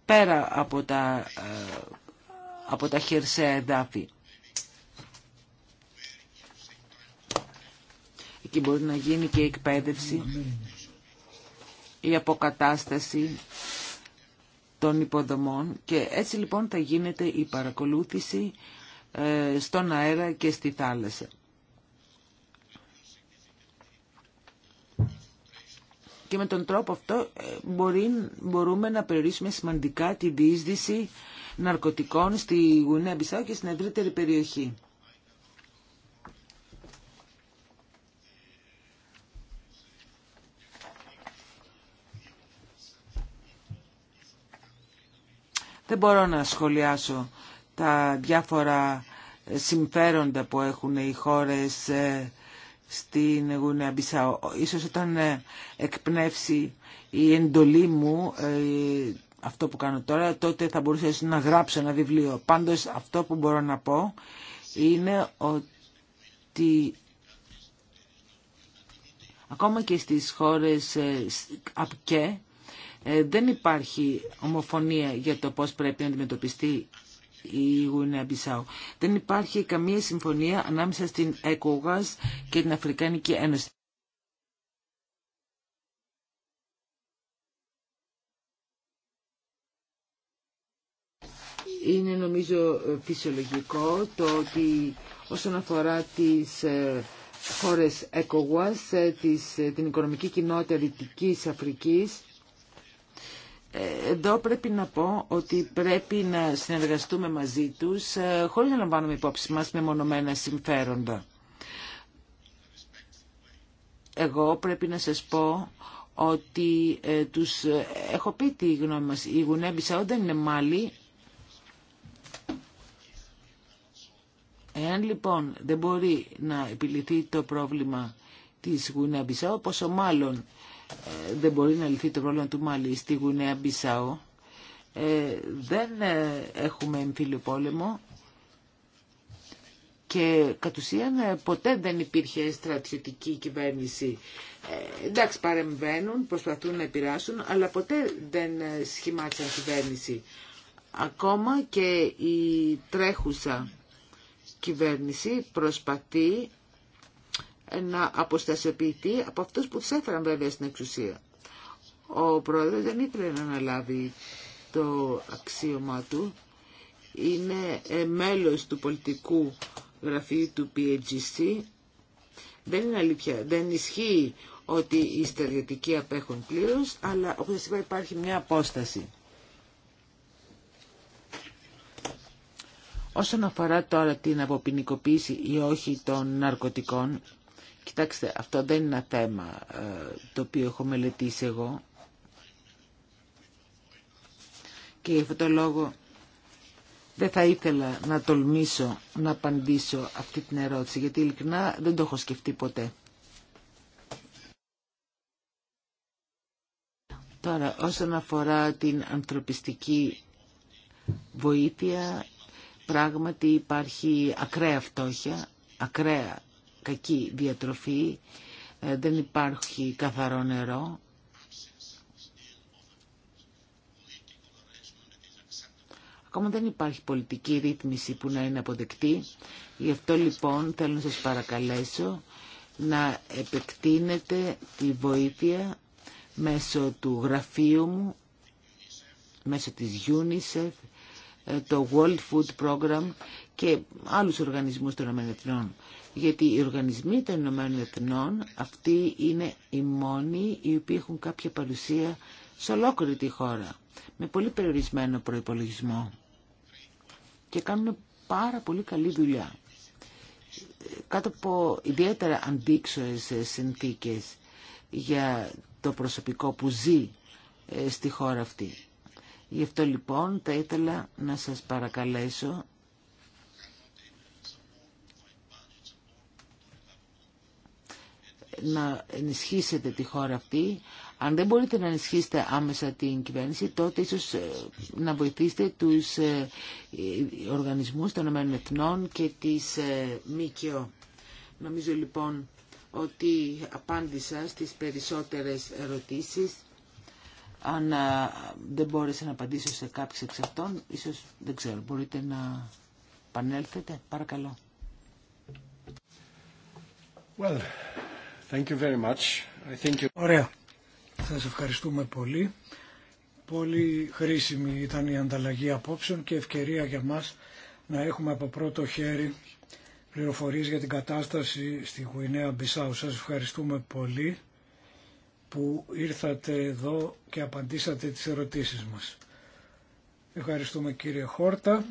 πέρα από τα, από τα χερσαία εδάφη. Εκεί μπορεί να γίνει και η εκπαίδευση, η αποκατάσταση των υποδομών και έτσι λοιπόν θα γίνεται η παρακολούθηση ε, στον αέρα και στη θάλασσα. Και με τον τρόπο αυτό ε, μπορεί, μπορούμε να περιορίσουμε σημαντικά τη διείσδυση ναρκωτικών στη Γουνέα Μπισάου και στην ευρύτερη περιοχή. Δεν μπορώ να σχολιάσω τα διάφορα συμφέροντα που έχουν οι χώρες ε, στην Γουνέα Μπισάου. Ίσως όταν ε, εκπνεύσει η εντολή μου, ε, αυτό που κάνω τώρα, τότε θα μπορούσα να γράψω ένα βιβλίο. Πάντως αυτό που μπορώ να πω είναι ότι ακόμα και στις χώρες ΑΠΚΕ ε, δεν υπάρχει ομοφωνία για το πώς πρέπει να αντιμετωπιστεί η Γουινέα Μπισάου. Δεν υπάρχει καμία συμφωνία ανάμεσα στην ΕΚΟΓΑΣ και την Αφρικανική Ένωση. Είναι νομίζω φυσιολογικό το ότι όσον αφορά τις ε, χώρες ΕΚΟΓΑΣ, ε, την οικονομική κοινότητα Δυτικής Αφρικής, εδώ πρέπει να πω ότι πρέπει να συνεργαστούμε μαζί τους ε, χωρίς να λαμβάνουμε υπόψη μας μονομένα συμφέροντα. Εγώ πρέπει να σας πω ότι ε, τους ε, έχω πει τη γνώμη μας. Η Γουνέμπισά δεν είναι μάλι. Εάν λοιπόν δεν μπορεί να επιληθεί το πρόβλημα της όπως ο μάλλον ε, δεν μπορεί να λυθεί το πρόβλημα του Μαλή στη Γουνέα Μπισάου. Ε, δεν ε, έχουμε εμφύλιο πόλεμο και κατ' ουσίαν ποτέ δεν υπήρχε στρατιωτική κυβέρνηση. Ε, εντάξει παρεμβαίνουν, προσπαθούν να επηράσουν, αλλά ποτέ δεν σχημάτισαν κυβέρνηση. Ακόμα και η τρέχουσα κυβέρνηση προσπαθεί να αποστασιοποιηθεί από αυτούς που τους έφεραν βέβαια στην εξουσία. Ο πρόεδρος δεν ήθελε να αναλάβει το αξίωμά του. Είναι ε, μέλος του πολιτικού γραφείου του PHC. Δεν είναι αλήθεια, δεν ισχύει ότι οι στερεωτικοί απέχουν πλήρως, αλλά όπως είπα υπάρχει μια απόσταση. Όσον αφορά τώρα την αποποινικοποίηση ή όχι των ναρκωτικών, Κοιτάξτε, αυτό δεν είναι ένα θέμα ε, το οποίο έχω μελετήσει εγώ. Και γι' αυτόν τον λόγο δεν θα ήθελα να τολμήσω να απαντήσω αυτή την ερώτηση, γιατί ειλικρινά δεν το έχω σκεφτεί ποτέ. Τώρα, όσον αφορά την ανθρωπιστική βοήθεια, πράγματι υπάρχει ακραία φτώχεια, ακραία κακή διατροφή, ε, δεν υπάρχει καθαρό νερό. Ακόμα δεν υπάρχει πολιτική ρύθμιση που να είναι αποδεκτή. Γι' αυτό λοιπόν θέλω να σας παρακαλέσω να επεκτείνετε τη βοήθεια μέσω του γραφείου μου, μέσω της UNICEF, ε, το World Food Program και άλλους οργανισμούς των Αμερικανών. Γιατί οι οργανισμοί των Ηνωμένων Εθνών αυτοί είναι οι μόνοι οι οποίοι έχουν κάποια παρουσία σε ολόκληρη τη χώρα με πολύ περιορισμένο προϋπολογισμό και κάνουν πάρα πολύ καλή δουλειά κάτω από ιδιαίτερα αντίξωες συνθήκες για το προσωπικό που ζει ε, στη χώρα αυτή. Γι' αυτό λοιπόν θα ήθελα να σας παρακαλέσω να ενισχύσετε τη χώρα αυτή. Αν δεν μπορείτε να ενισχύσετε άμεσα την κυβέρνηση, τότε ίσως ε, να βοηθήσετε τους ε, ε, οργανισμούς των ΗΕ και της ΜΚΟ. Νομίζω λοιπόν ότι απάντησα στις περισσότερες ερωτήσεις. Αν δεν μπόρεσα να απαντήσω σε κάποιες εξ αυτών, ίσως δεν ξέρω, μπορείτε να επανέλθετε. Παρακαλώ. Well, Thank you very much. Ωραία. Σας ευχαριστούμε πολύ. Πολύ χρήσιμη ήταν η ανταλλαγή απόψεων και ευκαιρία για μας να έχουμε από πρώτο χέρι πληροφορίες για την κατάσταση στη Γουινέα Μπισάου. Σας ευχαριστούμε πολύ που ήρθατε εδώ και απαντήσατε τις ερωτήσεις μας. Ευχαριστούμε κύριε Χόρτα.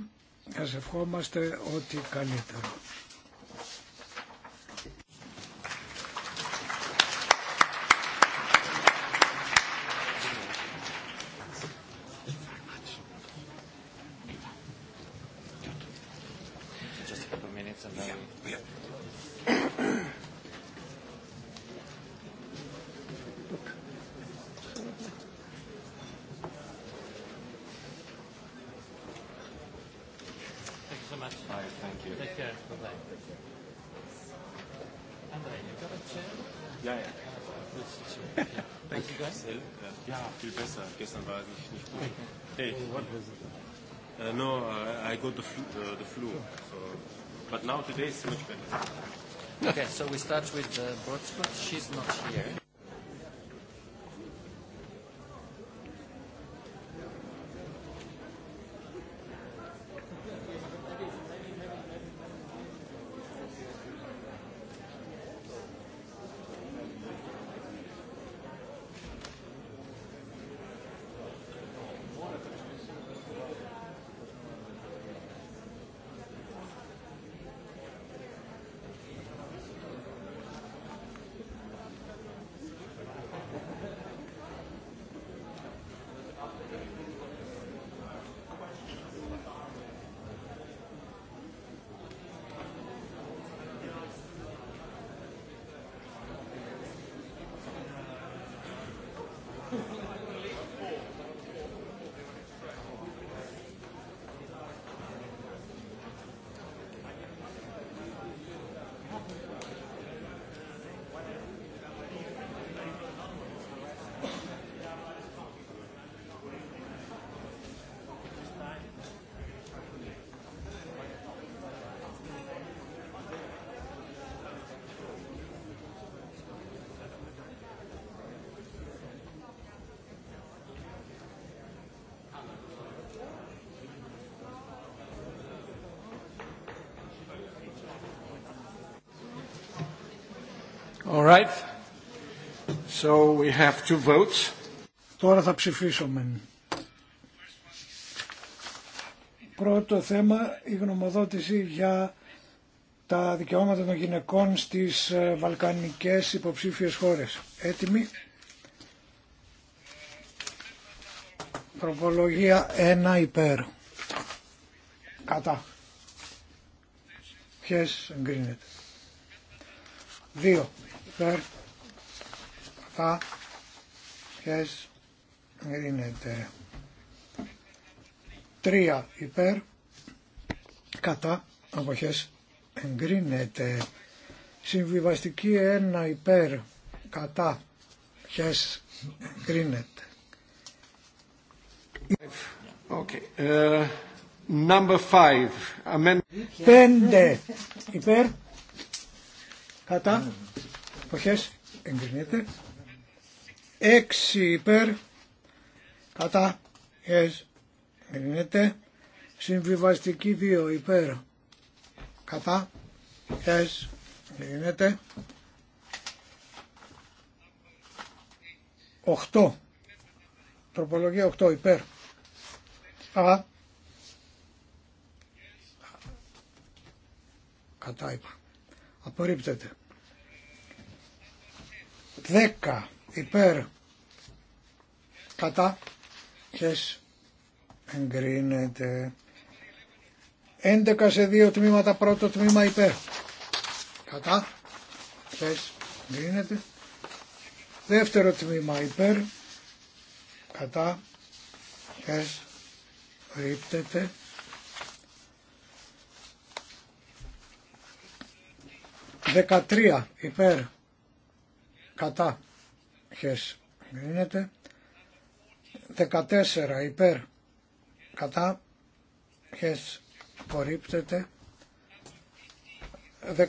Σας ευχόμαστε ό,τι καλύτερο. today is so much better. Okay, so we start with uh, Brodsky. She's not here. right. So we have two votes. Τώρα θα ψηφίσουμε. Πρώτο θέμα, η γνωμοδότηση για τα δικαιώματα των γυναικών στις ε, βαλκανικές υποψήφιες χώρες. Έτοιμοι. Προπολογία 1 υπέρ. Κατά. Ποιες εγκρίνεται. Δύο υπέρ κατά χες εγκρίνεται. Τρία υπέρ κατά αποχές εγκρίνεται. Συμβιβαστική ένα υπέρ κατά χες εγκρίνεται. Okay. Uh, number five. Amen. Πέντε υπέρ κατά εποχές εγκρινείται έξι υπέρ κατά εσ, εγκρινείται συμβιβαστική δύο υπέρ κατά εσ, εγκρινείται οχτώ τροπολογία οχτώ υπέρ Α, κατά είπα. Απορρίπτεται. 10 υπέρ κατά χες εγκρίνεται 11 σε δύο τμήματα πρώτο τμήμα υπέρ κατά χες εγκρίνεται δεύτερο τμήμα υπέρ κατά χες ρίπτεται 13 υπέρ κατά χες γίνεται. 14 υπέρ κατά χες απορρίπτεται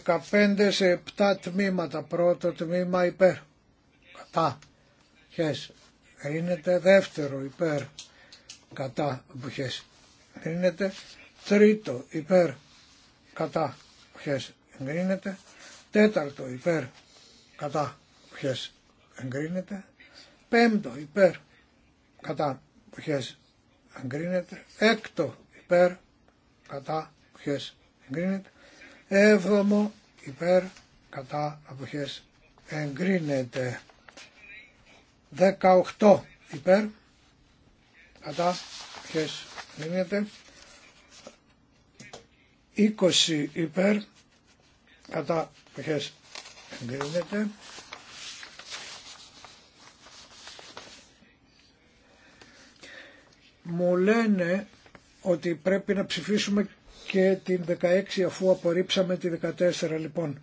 15 σε 7 τμήματα πρώτο τμήμα υπέρ κατά χες γίνεται, δεύτερο υπέρ κατά χες γίνεται τρίτο υπέρ κατά χες γίνεται τέταρτο υπέρ κατά αποχές εγκρίνεται. Πέμπτο υπέρ κατά αποχές εγκρίνεται. Έκτο υπέρ κατά αποχές εγκρίνεται. Έβδομο υπέρ κατά αποχές εγκρίνεται. Δεκαοχτώ, υπέρ κατά ποιες εγκρίνεται. Είκοσι, υπέρ κατά ποιες εγκρίνεται Μου λένε ότι πρέπει να ψηφίσουμε και την 16 αφού απορρίψαμε τη 14 λοιπόν.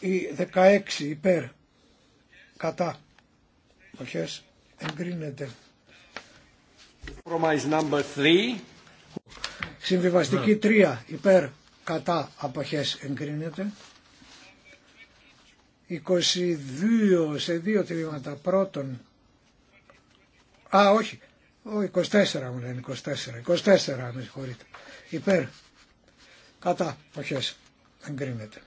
Η 16 υπέρ. Κατά. Οχές. Εγκρίνεται. Συμβιβαστική 3 υπέρ. Κατά. Αποχές. Εγκρίνεται. 22 σε δύο τμήματα πρώτον Α, όχι. Ο 24 μου λένε, 24. 24 με συγχωρείτε. Υπέρ. Κατά. εποχέ. Εγκρίνεται.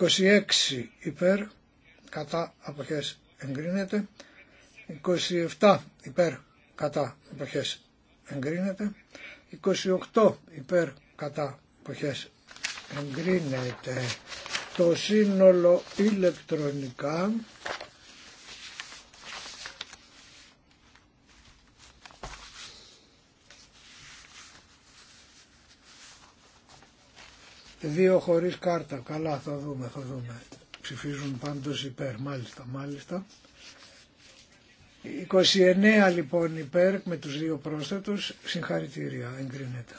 26 υπέρ. Κατά. Αποχές. Εγκρίνεται. 27 υπέρ. Κατά. Αποχές. Εγκρίνεται. 28 υπέρ. Κατά. Αποχές. Εγκρίνεται. Το σύνολο ηλεκτρονικά Δύο χωρίς κάρτα. Καλά, θα δούμε, θα δούμε. Ψηφίζουν πάντως υπέρ. Μάλιστα, μάλιστα. 29 λοιπόν υπέρ με τους δύο πρόσθετους. Συγχαρητήρια, εγκρίνεται.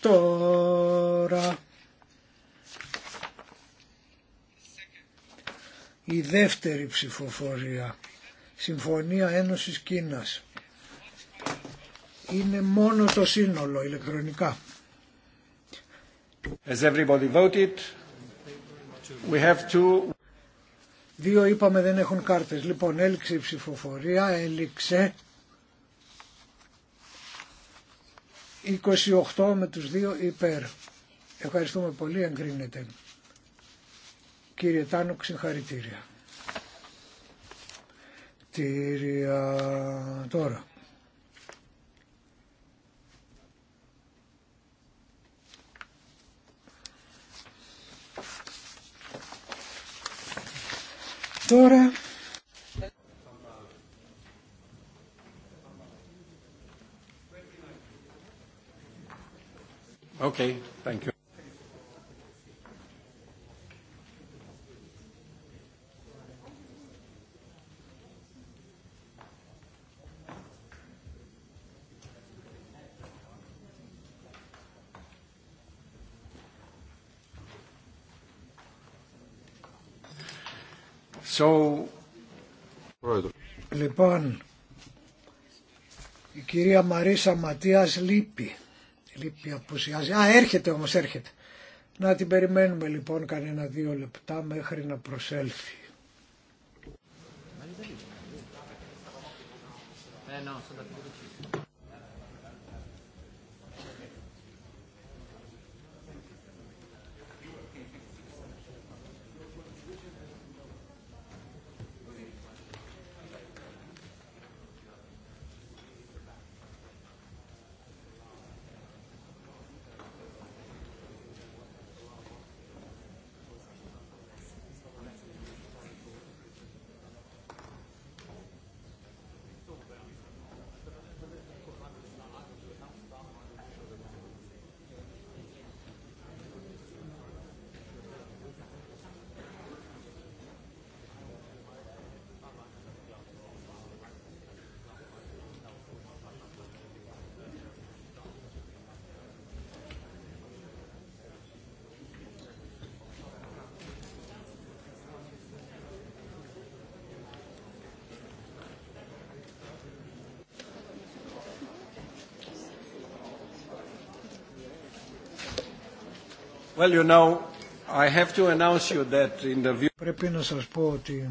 Τώρα... Η δεύτερη ψηφοφορία. Συμφωνία Ένωσης Κίνας. Είναι μόνο το σύνολο ηλεκτρονικά. Δύο είπαμε δεν έχουν κάρτες. Λοιπόν, έλξε η ψηφοφορία, έλξε 28 με τους δύο υπέρ. Ευχαριστούμε πολύ, εγκρίνεται. Κύριε Τάνο, συγχαρητήρια. Τήρια τώρα. τώρα. Okay. Λοιπόν, η κυρία Μαρίσα Ματίας λείπει. Λείπει, απουσιάζει. Α, έρχεται όμως, έρχεται. Να την περιμένουμε λοιπόν κανένα δύο λεπτά μέχρι να προσέλθει. Ε, ναι, Πρέπει να σας πω ότι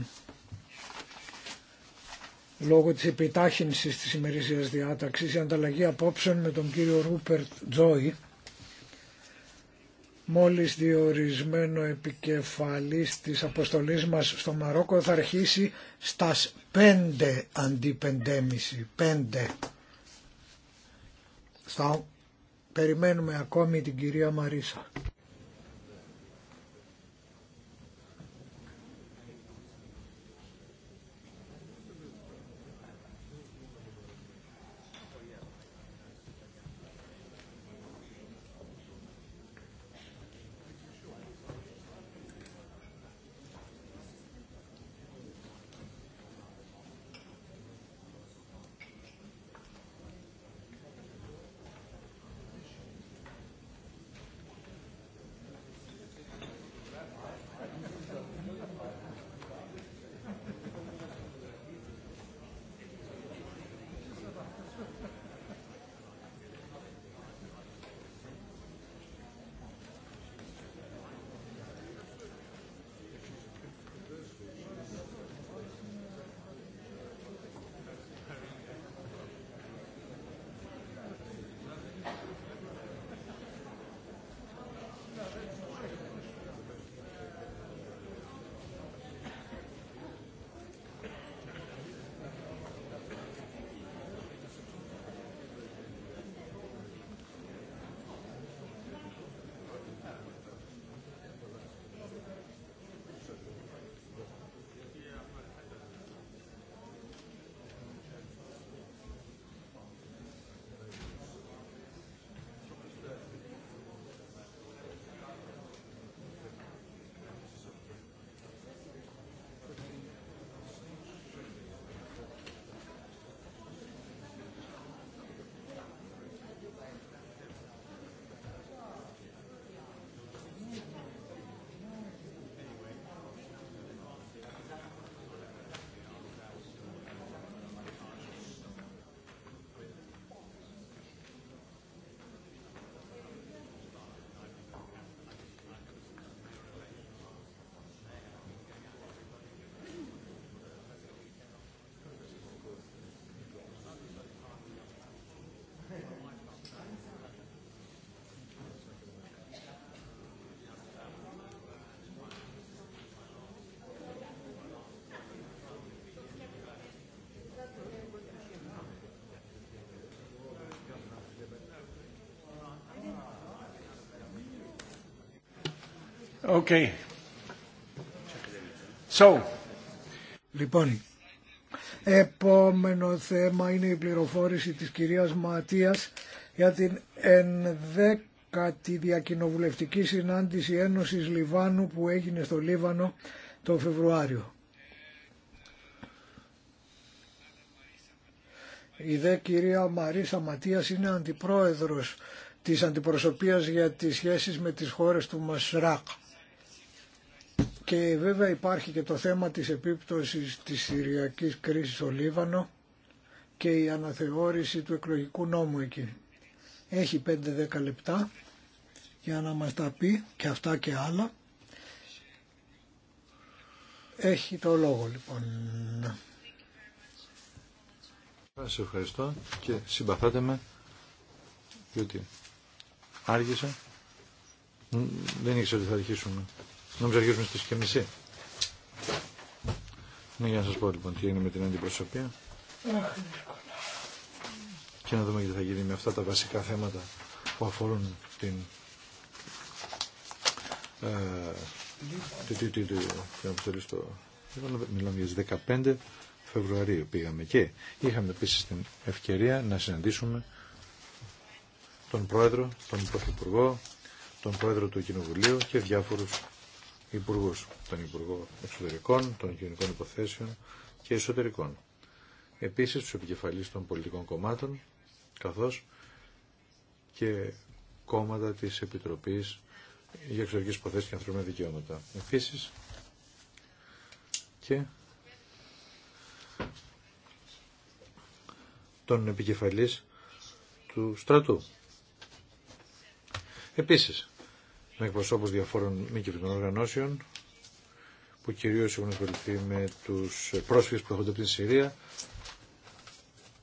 λόγω της επιτάχυνσης της ημερήσιας διάταξης η ανταλλαγή απόψεων με τον κύριο Ρούπερτ Τζόι μόλις διορισμένο επικεφαλής της αποστολής μας στο Μαρόκο θα αρχίσει στας 5 αντί 5.30. 5. Θα περιμένουμε ακόμη την κυρία Μαρίσα. Okay. So. Λοιπόν, επόμενο θέμα είναι η πληροφόρηση της κυρίας Ματίας για την ενδέκατη διακοινοβουλευτική συνάντηση Ένωσης Λιβάνου που έγινε στο Λίβανο το Φεβρουάριο. Η δε κυρία Μαρίσα Ματίας είναι αντιπρόεδρος της αντιπροσωπείας για τις σχέσεις με τις χώρες του Μασράκ. Και βέβαια υπάρχει και το θέμα της επίπτωσης της Συριακής κρίσης στο Λίβανο και η αναθεώρηση του εκλογικού νόμου εκεί. Έχει 5-10 λεπτά για να μας τα πει και αυτά και άλλα. Έχει το λόγο λοιπόν. Σας ευχαριστώ και συμπαθάτε με διότι άργησα. Δεν ήξερα ότι θα αρχίσουμε. Νομίζω αρχίζουμε στις και μισή. Ναι, για να σας πω λοιπόν τι έγινε με την αντιπροσωπεία. Και να δούμε τι θα γίνει με αυτά τα βασικά θέματα που αφορούν την, ε, Τι, τι, τι, τι, Μιλάμε για τις 15 Φεβρουαρίου πήγαμε και είχαμε επίση την ευκαιρία να συναντήσουμε τον Πρόεδρο, τον Πρωθυπουργό, τον Πρόεδρο του Κοινοβουλίου και διάφορους υπουργού, τον Υπουργό Εξωτερικών, των Κοινωνικών Υποθέσεων και Εσωτερικών. Επίση του επικεφαλεί των πολιτικών κομμάτων, καθώ και κόμματα τη Επιτροπή για Εξωτερικέ Υποθέσει και Ανθρώπινα Δικαιώματα. Επίση και τον επικεφαλής του στρατού. Επίσης, με εκπροσώπους διαφόρων μη κυβερνών οργανώσεων που κυρίως έχουν ασχοληθεί με τους πρόσφυγες που έχουν από την Συρία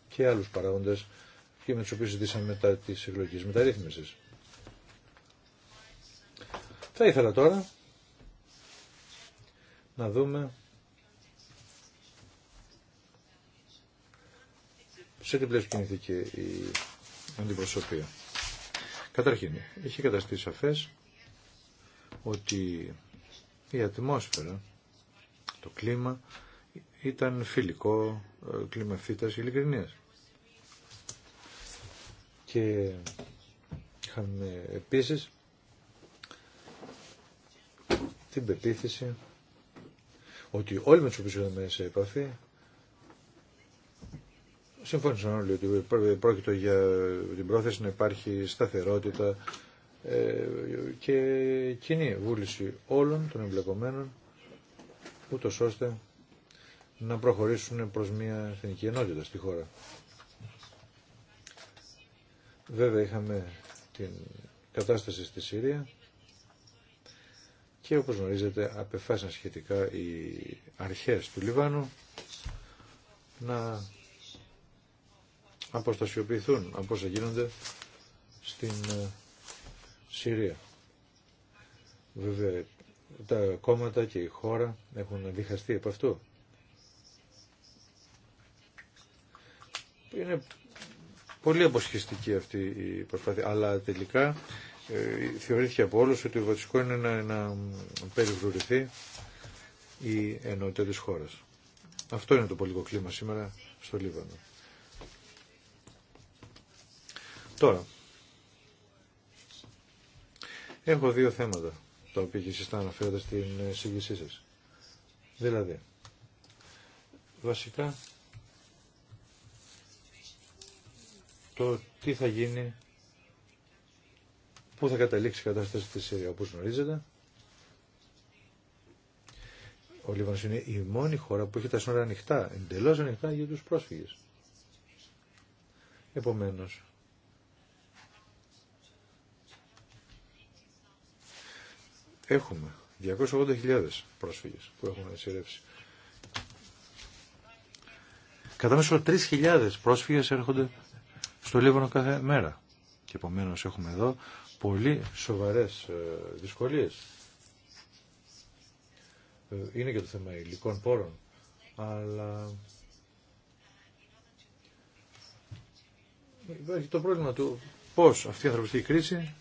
και άλλους παράγοντε και με του οποίου ζητήσαμε μετά τι εκλογικέ μεταρρύθμισης. Θα ήθελα τώρα να δούμε σε τι πλαίσιο κινηθήκε η αντιπροσωπεία. Καταρχήν, είχε καταστεί σαφές ότι η ατμόσφαιρα, το κλίμα ήταν φιλικό ε, κλίμα φύτας ειλικρινίας. Και είχαμε επίσης την πεποίθηση ότι όλοι με τους οποίους είχαμε σε επαφή συμφώνησαν όλοι ότι πρόκειται για την πρόθεση να υπάρχει σταθερότητα ε, και κοινή βούληση όλων των εμπλεκομένων ούτως ώστε να προχωρήσουν προς μια εθνική ενότητα στη χώρα. Βέβαια είχαμε την κατάσταση στη Συρία και όπως γνωρίζετε απεφάσισαν σχετικά οι αρχές του Λιβάνου να αποστασιοποιηθούν από όσα γίνονται στην Συρία. Βέβαια, τα κόμματα και η χώρα έχουν διχαστεί από αυτού. Είναι πολύ αποσχιστική αυτή η προσπάθεια, αλλά τελικά ε, θεωρήθηκε από όλους ότι βασικό είναι να, να η ενότητα της χώρας. Αυτό είναι το πολιτικό κλίμα σήμερα στο Λίβανο. Τώρα, Έχω δύο θέματα τα οποία και εσείς τα αναφέρατε στην εισήγησή σας. Δηλαδή, βασικά το τι θα γίνει, πού θα καταλήξει η κατάσταση στη Συρία, όπως γνωρίζετε. Ο Λίβανος είναι η μόνη χώρα που θα καταληξει η κατασταση της συρια οπως γνωριζετε ο λιβανος ειναι η μονη χωρα που εχει τα σύνορα ανοιχτά, εντελώς ανοιχτά για τους πρόσφυγες. Επομένως, Έχουμε 280.000 πρόσφυγες που έχουμε ανασυρεύσει. Κατά μέσο 3.000 πρόσφυγες έρχονται στο Λίβανο κάθε μέρα. Και επομένως έχουμε εδώ πολύ σοβαρές ε, δυσκολίες. Ε, είναι και το θέμα υλικών πόρων, αλλά υπάρχει το πρόβλημα του πώς αυτή η ανθρωπιστική κρίση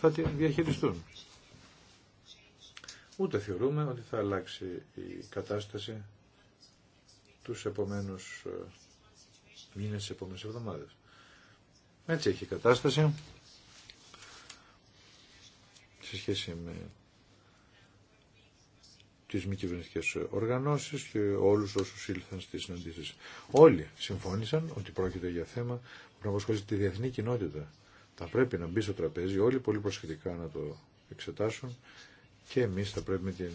θα τη διαχειριστούν ούτε θεωρούμε ότι θα αλλάξει η κατάσταση τους επόμενους ε, μήνες, τις επόμενες εβδομάδες. Έτσι έχει η κατάσταση σε σχέση με τις μη κυβερνητικέ οργανώσεις και όλους όσους ήλθαν στις συναντήσεις. Όλοι συμφώνησαν ότι πρόκειται για θέμα που να αποσχολήσει τη διεθνή κοινότητα. Θα πρέπει να μπει στο τραπέζι όλοι πολύ προσεκτικά να το εξετάσουν και εμείς θα πρέπει με την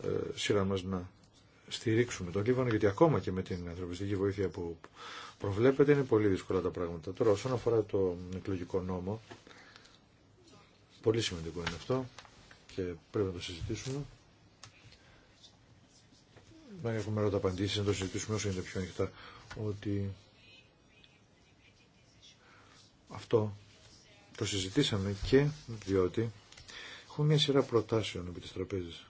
ε, ε, σειρά μας να στηρίξουμε τον Λίβανο, γιατί ακόμα και με την ανθρωπιστική βοήθεια που προβλέπεται είναι πολύ δύσκολα τα πράγματα. Τώρα, όσον αφορά το εκλογικό νόμο, πολύ σημαντικό είναι αυτό και πρέπει να το συζητήσουμε. Να έχουμε ρώτα απαντήσεις, να το συζητήσουμε όσο είναι πιο ανοιχτά, ότι αυτό το συζητήσαμε και διότι Έχω μια σειρά προτάσεων από της τραπέζες.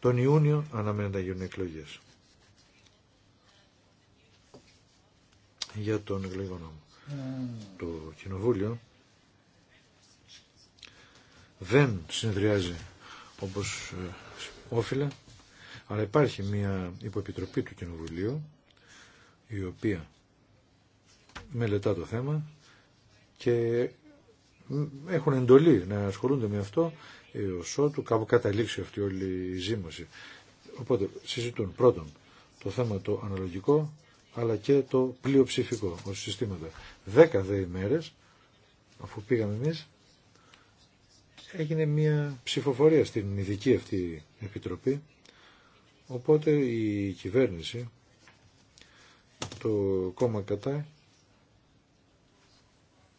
Τον Ιούνιο αναμένεται να γίνουν εκλογές. Για τον εκλογικό νόμο. Mm. Το κοινοβούλιο δεν συνδυάζει όπως ε, όφιλε, αλλά υπάρχει μια υποεπιτροπή του κοινοβουλίου η οποία μελετά το θέμα και έχουν εντολή να ασχολούνται με αυτό ως ε, ότου κάπου καταλήξει αυτή όλη η ζήμωση. Οπότε συζητούν πρώτον το θέμα το αναλογικό αλλά και το πλειοψηφικό ως συστήματα. Δέκα δε ημέρες αφού πήγαμε εμείς έγινε μια ψηφοφορία στην ειδική αυτή επιτροπή οπότε η κυβέρνηση το κόμμα κατά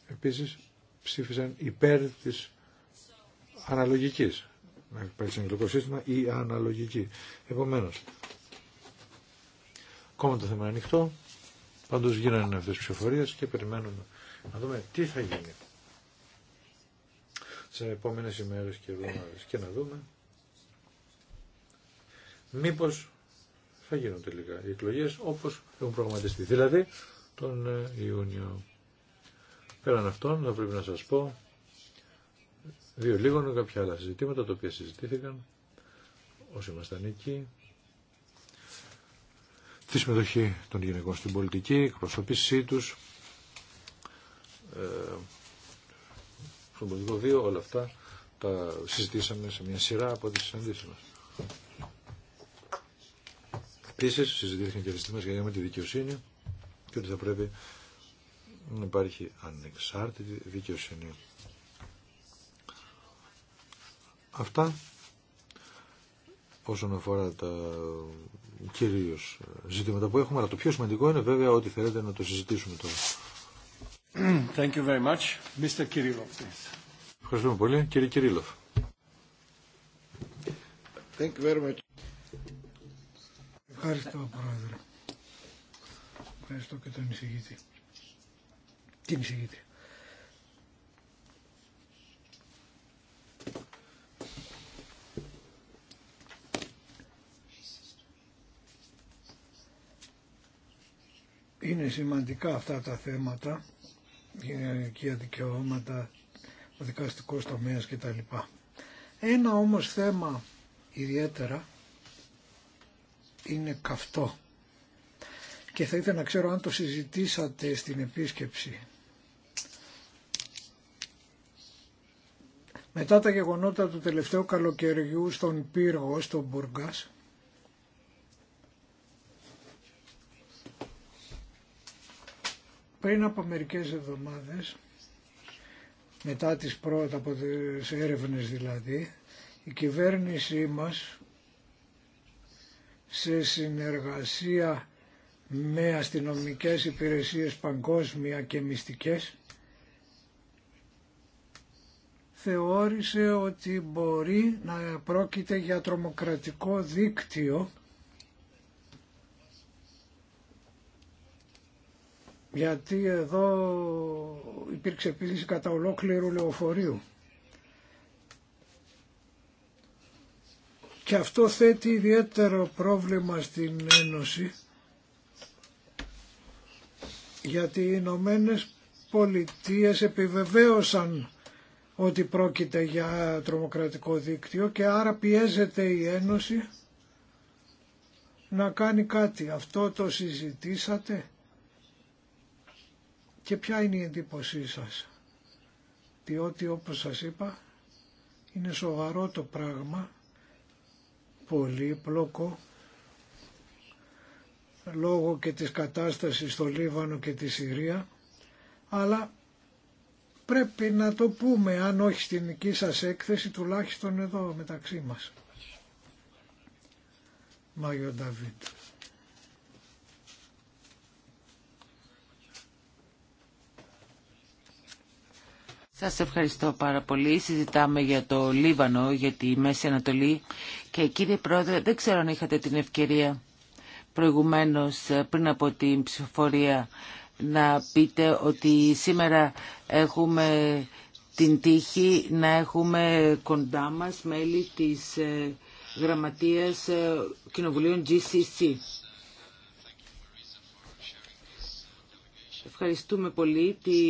επίσης ψήφισαν υπέρ της αναλογικής. Να σαν σύστημα ή αναλογική. Επομένως, ακόμα το θέμα ανοιχτό. Πάντως γίνανε αυτές τις ψηφοφορίες και περιμένουμε να δούμε τι θα γίνει. Σε επόμενες ημέρες και εβδομάδες και να δούμε μήπως θα γίνουν τελικά οι εκλογές όπως έχουν προγραμματιστεί. Δηλαδή τον ε, Ιούνιο. Πέραν αυτών θα πρέπει να σας πω δύο λίγων κάποια άλλα συζητήματα τα οποία συζητήθηκαν όσοι ήμασταν εκεί τη συμμετοχή των γυναικών στην πολιτική, εκπροσωπήσή τους στον ε, πολιτικό βίο, όλα αυτά τα συζητήσαμε σε μια σειρά από τις συναντήσεις μας. Επίσης συζητήθηκαν και για τη δικαιοσύνη και ότι θα πρέπει να υπάρχει ανεξάρτητη δικαιοσύνη. Αυτά όσον αφορά τα κυρίως ζητήματα που έχουμε, αλλά το πιο σημαντικό είναι βέβαια ότι θέλετε να το συζητήσουμε τώρα. Thank you very much. Mr. Ευχαριστούμε πολύ. Κύριε Κυρίλοφ. Thank you very much. Ευχαριστώ, Πρόεδρε. Ευχαριστώ και τον εισηγητή. Είναι σημαντικά αυτά τα θέματα, γυναικεία δικαιώματα, ο δικαστικός τομέας κτλ. Ένα όμως θέμα ιδιαίτερα είναι καυτό και θα ήθελα να ξέρω αν το συζητήσατε στην επίσκεψη Μετά τα γεγονότα του τελευταίου καλοκαιριού στον πύργο, στον Μπουργκάς, πριν από μερικές εβδομάδες, μετά τις πρώτα από έρευνες δηλαδή, η κυβέρνησή μας σε συνεργασία με αστυνομικές υπηρεσίες παγκόσμια και μυστικές θεώρησε ότι μπορεί να πρόκειται για τρομοκρατικό δίκτυο γιατί εδώ υπήρξε επίθεση κατά ολόκληρου λεωφορείου. Και αυτό θέτει ιδιαίτερο πρόβλημα στην Ένωση γιατί οι Ηνωμένε Πολιτείες επιβεβαίωσαν ότι πρόκειται για τρομοκρατικό δίκτυο και άρα πιέζεται η Ένωση να κάνει κάτι. Αυτό το συζητήσατε και ποια είναι η εντύπωσή σας. Διότι όπως σας είπα είναι σοβαρό το πράγμα, πολύ πλόκο, λόγω και της κατάστασης στο Λίβανο και τη Συρία, αλλά πρέπει να το πούμε, αν όχι στην δική σας έκθεση, τουλάχιστον εδώ μεταξύ μας. Μάγιο Νταβίτ. Σας ευχαριστώ πάρα πολύ. Συζητάμε για το Λίβανο, για τη Μέση Ανατολή. Και κύριε Πρόεδρε, δεν ξέρω αν είχατε την ευκαιρία προηγουμένως ε, πριν από την ψηφοφορία να πείτε ότι σήμερα έχουμε την τύχη να έχουμε κοντά μας μέλη της ε, Γραμματείας ε, Κοινοβουλίων GCC. Ευχαριστούμε πολύ τη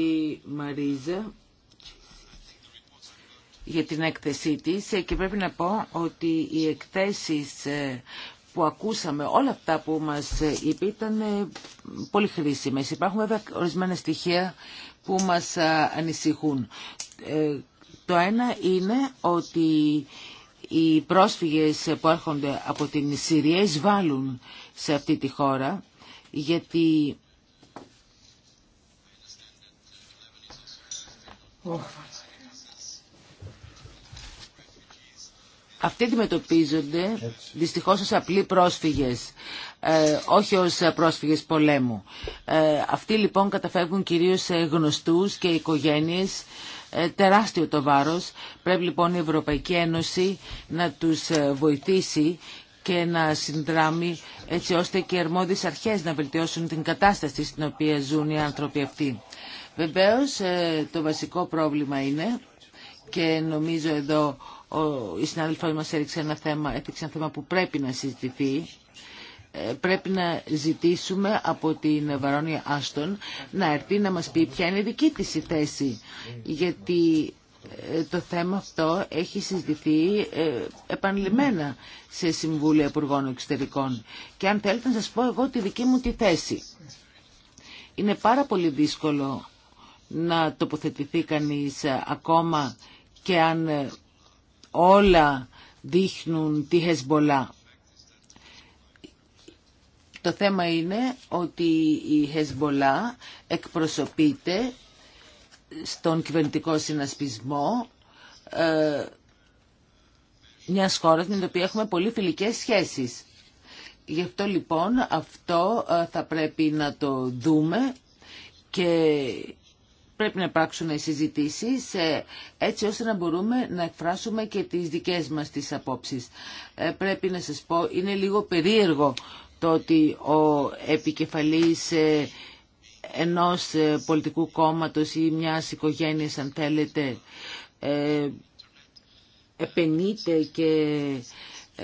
Μαρίζα για την έκθεσή της ε, και πρέπει να πω ότι οι εκθέσεις που ακούσαμε, όλα αυτά που μας είπε ήταν ε, πολύ χρήσιμες. Υπάρχουν βέβαια ορισμένα στοιχεία που μας ανησυχούν. Ε, το ένα είναι ότι οι πρόσφυγες που έρχονται από την Συρία εισβάλλουν σε αυτή τη χώρα γιατί... Αυτοί αντιμετωπίζονται δυστυχώς ως απλοί πρόσφυγες, ε, όχι ως πρόσφυγες πολέμου. Ε, αυτοί λοιπόν καταφεύγουν κυρίως σε γνωστούς και οικογένειες, ε, τεράστιο το βάρος. Πρέπει λοιπόν η Ευρωπαϊκή Ένωση να τους ε, βοηθήσει και να συνδράμει έτσι ώστε και οι αρμόδιες αρχές να βελτιώσουν την κατάσταση στην οποία ζουν οι άνθρωποι αυτοί. Βεβαίως το βασικό πρόβλημα είναι και νομίζω εδώ η συνάδελφό μας έριξε ένα θέμα, ένα θέμα που πρέπει να συζητηθεί ε, πρέπει να ζητήσουμε από την Βαρόνια Άστον να έρθει να μας πει ποια είναι η δική της η θέση. Γιατί ε, το θέμα αυτό έχει συζητηθεί ε, επανειλημμένα σε Συμβούλια Υπουργών Εξωτερικών. Και αν θέλετε να σας πω εγώ τη δική μου τη θέση. Είναι πάρα πολύ δύσκολο να τοποθετηθεί κανείς ακόμα και αν Όλα δείχνουν τη Χεσμολά. Το θέμα είναι ότι η Χεσμολά εκπροσωπείται στον κυβερνητικό συνασπισμό ε, μιας χώρας με την οποία έχουμε πολύ φιλικές σχέσεις. Γι' αυτό λοιπόν αυτό ε, θα πρέπει να το δούμε και πρέπει να υπάρξουν συζητήσεις ε, έτσι ώστε να μπορούμε να εκφράσουμε και τις δικές μας τις απόψεις. Ε, πρέπει να σα πω, είναι λίγο περίεργο το ότι ο επικεφαλής ε, ενός πολιτικού κόμματος ή μιας οικογένειας αν θέλετε επενείται και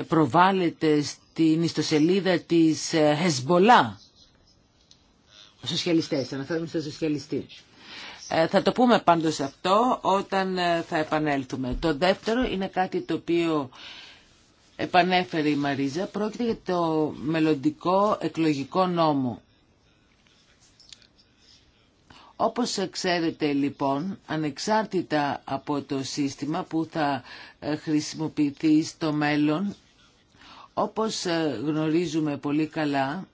προβάλλεται στην ιστοσελίδα της Χεσμπολά. Σοσιαλιστές, αναφέρομαι στο σοσιαλιστή. Ε, θα το πούμε πάντως αυτό όταν ε, θα επανέλθουμε. Το δεύτερο είναι κάτι το οποίο επανέφερε η Μαρίζα. Πρόκειται για το μελλοντικό εκλογικό νόμο. Όπως ξέρετε λοιπόν, ανεξάρτητα από το σύστημα που θα ε, χρησιμοποιηθεί στο μέλλον, όπως γνωρίζουμε πολύ καλά,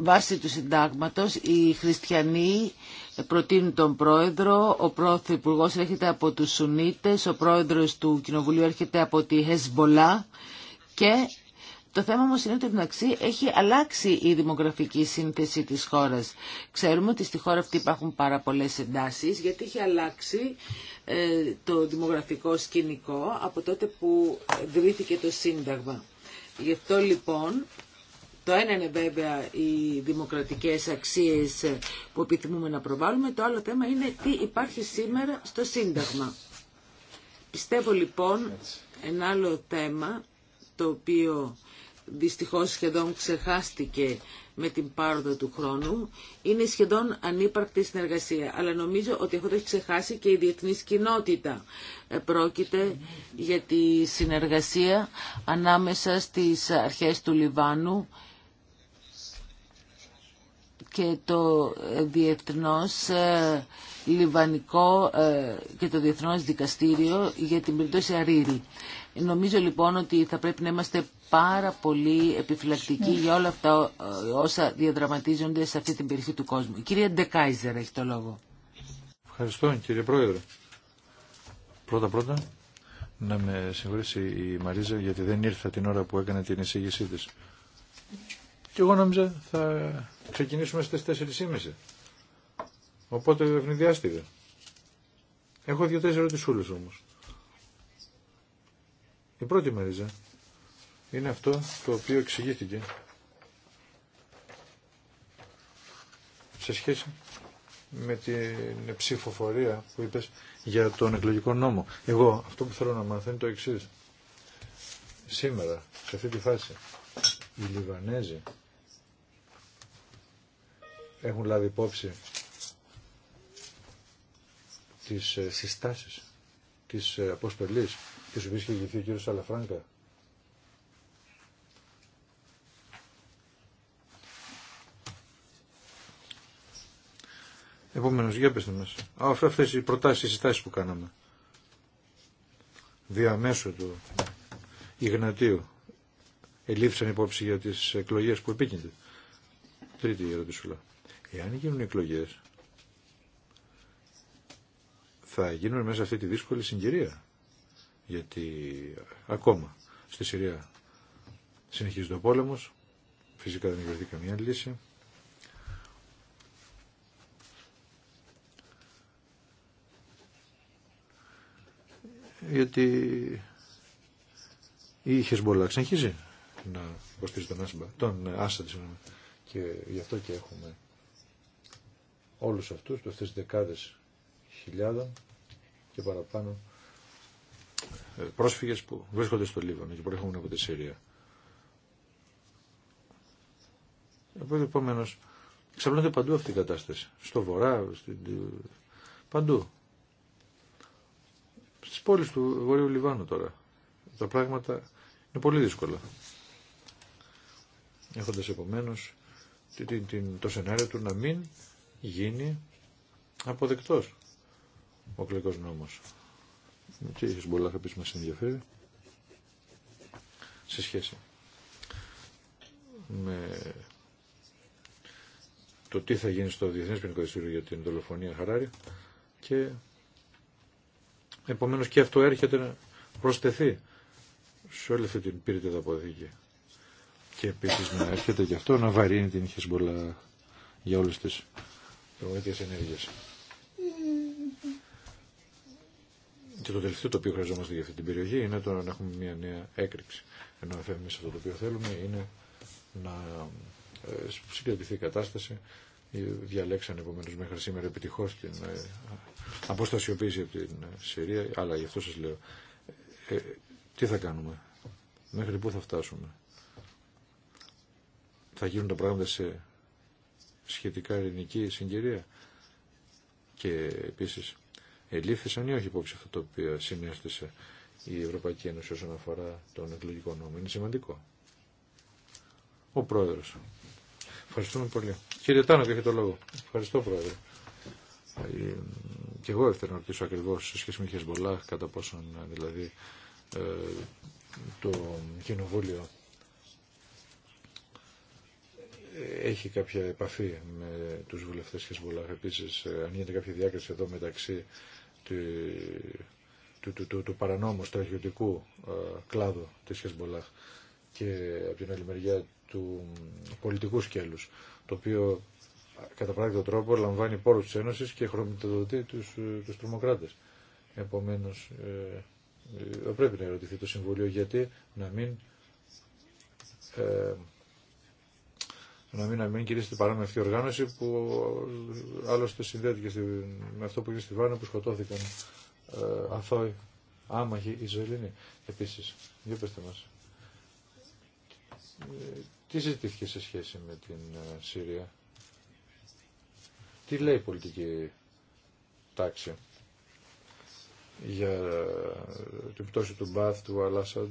βάσει του συντάγματος οι χριστιανοί προτείνουν τον πρόεδρο, ο πρωθυπουργό έρχεται από τους Σουνίτες, ο πρόεδρος του κοινοβουλίου έρχεται από τη Χεσμολά και το θέμα όμως είναι ότι την έχει αλλάξει η δημογραφική σύνθεση της χώρας. Ξέρουμε ότι στη χώρα αυτή υπάρχουν πάρα πολλές εντάσεις γιατί έχει αλλάξει ε, το δημογραφικό σκηνικό από τότε που βρήθηκε το Σύνταγμα. Γι' αυτό λοιπόν το ένα είναι βέβαια οι δημοκρατικές αξίες που επιθυμούμε να προβάλλουμε, το άλλο θέμα είναι τι υπάρχει σήμερα στο Σύνταγμα. Πιστεύω λοιπόν ένα άλλο θέμα το οποίο δυστυχώς σχεδόν ξεχάστηκε με την πάροδο του χρόνου, είναι σχεδόν ανύπαρκτη συνεργασία. Αλλά νομίζω ότι αυτό το έχει ξεχάσει και η διεθνής κοινότητα. Ε, πρόκειται για τη συνεργασία ανάμεσα στις αρχές του Λιβάνου και το διεθνώς ε, λιβανικό ε, και το διεθνώς δικαστήριο για την περίπτωση Αρίρη. Νομίζω λοιπόν ότι θα πρέπει να είμαστε πάρα πολύ επιφυλακτικοί ναι. για όλα αυτά ε, όσα διαδραματίζονται σε αυτή την περιοχή του κόσμου. Η κυρία Ντεκάιζερ έχει το λόγο. Ευχαριστώ κύριε Πρόεδρε. Πρώτα πρώτα να με συγχωρήσει η Μαρίζα γιατί δεν ήρθα την ώρα που έκανε την εισήγησή της. Και εγώ νόμιζα θα ξεκινήσουμε στις 4.30. Οπότε ευνηδιάστηκα. Έχω δύο-τέσσερα ερωτησούλες όμως. Η πρώτη μερίζα είναι αυτό το οποίο εξηγήθηκε σε σχέση με την ψηφοφορία που είπες για τον εκλογικό νόμο. Εγώ αυτό που θέλω να μάθω είναι το εξής. Σήμερα, σε αυτή τη φάση, οι Λιβανέζοι έχουν λάβει υπόψη τις ε, συστάσεις της ε, αποστολής της οποίας είχε γυθεί ο κύριος Σαλαφράγκα. Επομένως, για πέστε μας. Αυτές οι προτάσεις, οι συστάσεις που κάναμε. Διαμέσου του Ιγνατίου ελήφθησαν υπόψη για τις εκλογές που επίκυνται. Τρίτη ερώτηση. Εάν γίνουν εκλογέ θα γίνουν μέσα σε αυτή τη δύσκολη συγκυρία. Γιατί ακόμα στη Συρία συνεχίζει ο πόλεμο φυσικά δεν υπάρχει καμία λύση. γιατί η Χεσμολά ξεχίζει να υποστηρίζει τον τον Άσαντ, και γι' αυτό και έχουμε όλους αυτούς, αυτές τις δεκάδες χιλιάδων και παραπάνω ε, πρόσφυγες που βρίσκονται στο Λίβανο και προέρχονται από τη Συρία. Επομένως, επομένω, ξαπλώνεται παντού αυτή η κατάσταση. Στο βορρά, παντού. Στις πόλεις του Βορείου Λιβάνου τώρα. Τα πράγματα είναι πολύ δύσκολα. Έχοντας επομένως το σενάριο του να μην γίνει αποδεκτός ο κλικός νόμος. Τι έχει μπορεί να πει μας ενδιαφέρει σε σχέση με το τι θα γίνει στο Διεθνές Ποινικό Δικαστήριο για την δολοφονία Χαράρη και επομένως και αυτό έρχεται να προσθεθεί σε όλη αυτή την πύρητη δαποδίκη Και επίσης να έρχεται και αυτό να βαρύνει την Χεσμπολά για όλες τις Τρομοκρατικές ενέργειες. Και το τελευταίο το οποίο χρειαζόμαστε για αυτή την περιοχή είναι το να έχουμε μια νέα έκρηξη. Ενώ σε αυτό το οποίο θέλουμε είναι να ε, συγκρατηθεί η κατάσταση. Ε, Διαλέξαν επομένω μέχρι σήμερα επιτυχώ την ε, αποστασιοποίηση από την Συρία, αλλά γι' αυτό σα λέω τι θα κάνουμε, μέχρι πού θα φτάσουμε. Θα γίνουν τα πράγματα σε σχετικά ειρηνική συγκυρία. Και επίσης ελήφθησαν ή όχι υπόψη αυτό το οποίο συνέστησε η Ευρωπαϊκή Ένωση όσον αφορά τον εκλογικό νόμο. Είναι σημαντικό. Ο Πρόεδρος. Ευχαριστούμε πολύ. Κύριε Τάνοκ, έχετε το λόγο. Ευχαριστώ, Πρόεδρε. Ε, και εγώ ήθελα να ρωτήσω ακριβώ σε σχέση με Χεσμολάχ κατά πόσον δηλαδή ε, το κοινοβούλιο έχει κάποια επαφή με τους βουλευτές Χεσμολάχ. Επίσης, ε, αν γίνεται κάποια διάκριση εδώ μεταξύ του, του, του, του, του παρανόμου στρατιωτικού ε, κλάδου της Χεσμολάχ και από την άλλη μεριά του πολιτικού σκέλους, το οποίο κατά πράγματο τρόπο λαμβάνει πόρους της Ένωσης και χρωμητοδοτεί τους, ε, τους τρομοκράτες. Επομένως, ε, ε, πρέπει να ερωτηθεί το Συμβουλίο γιατί να μην ε, να μην αμένει κυρίως την με αυτή οργάνωση που άλλωστε συνδέεται με αυτό που έγινε στη Βάνα που σκοτώθηκαν ε, αθώοι, άμαχοι Ισραηλίνοι. Επίσης, για πετε μας. Ε, τι συζητήθηκε σε σχέση με την ε, Συρία. Τι λέει η πολιτική τάξη για ε, την πτώση του Μπάθ, του Αλάσαντ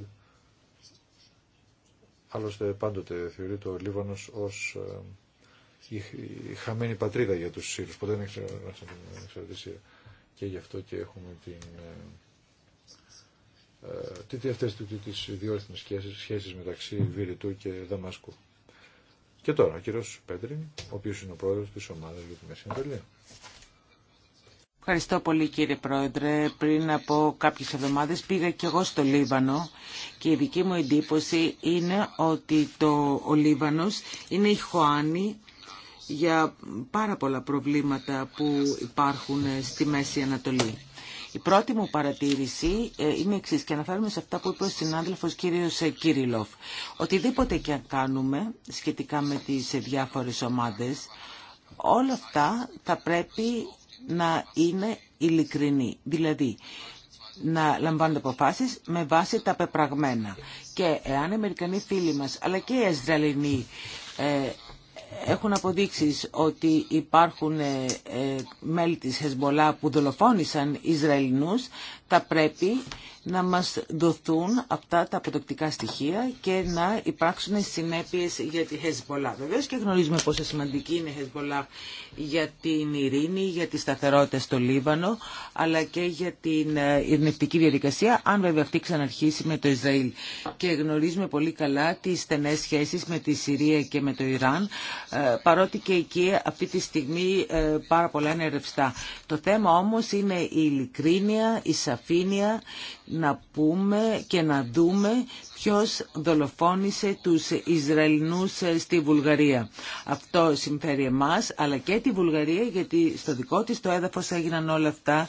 Άλλωστε πάντοτε θεωρεί το Λίβανος ως ε, η χαμένη πατρίδα για τους Σύρους. Ποτέ δεν έχει την εξαρτησία. Και γι' αυτό και έχουμε την... Ε, ε, τι αυτές τις διόρθινες σχέσεις μεταξύ Βηρητού και Δαμασκού. Και τώρα ο κύριος Πέτριν, ο οποίος είναι ο πρόεδρος της ομάδας για τη Μέση Ανατολή. Ευχαριστώ πολύ κύριε Πρόεδρε. Πριν από κάποιες εβδομάδες πήγα και εγώ στο Λίβανο και η δική μου εντύπωση είναι ότι το, ο Λίβανος είναι η χωάνη για πάρα πολλά προβλήματα που υπάρχουν στη Μέση Ανατολή. Η πρώτη μου παρατήρηση ε, είναι εξή και αναφέρομαι σε αυτά που είπε ο συνάδελφος κύριος ε, Κύριλοφ. Οτιδήποτε και αν κάνουμε σχετικά με τις ε, διάφορες ομάδες, όλα αυτά θα πρέπει να είναι ειλικρινή. Δηλαδή, να λαμβάνονται αποφάσεις με βάση τα πεπραγμένα. Και εάν οι Αμερικανοί φίλοι μας, αλλά και οι Ισραηλινοί, ε, έχουν αποδείξεις ότι υπάρχουν ε, ε, μέλη της Χεσμολά που δολοφόνησαν Ισραηλινούς, θα πρέπει να μας δοθούν αυτά τα αποδοκτικά στοιχεία και να υπάρξουν συνέπειες για τη Χεσμολά. Βεβαίως και γνωρίζουμε πόσο σημαντική είναι η Χεσμολά για την ειρήνη, για τη σταθερότητα στο Λίβανο, αλλά και για την ε, ειρνευτική διαδικασία, αν βέβαια αυτή ξαναρχίσει με το Ισραήλ. Και γνωρίζουμε πολύ καλά τις στενές σχέσεις με τη Συρία και με το Ιράν, ε, παρότι και εκεί αυτή τη στιγμή ε, πάρα πολλά είναι ρευστά. Το θέμα όμως είναι η ειλικρίνεια, η να πούμε και να δούμε ποιος δολοφόνησε τους Ισραηλινούς ε, στη Βουλγαρία. Αυτό συμφέρει εμάς αλλά και τη Βουλγαρία γιατί στο δικό της το έδαφος έγιναν όλα αυτά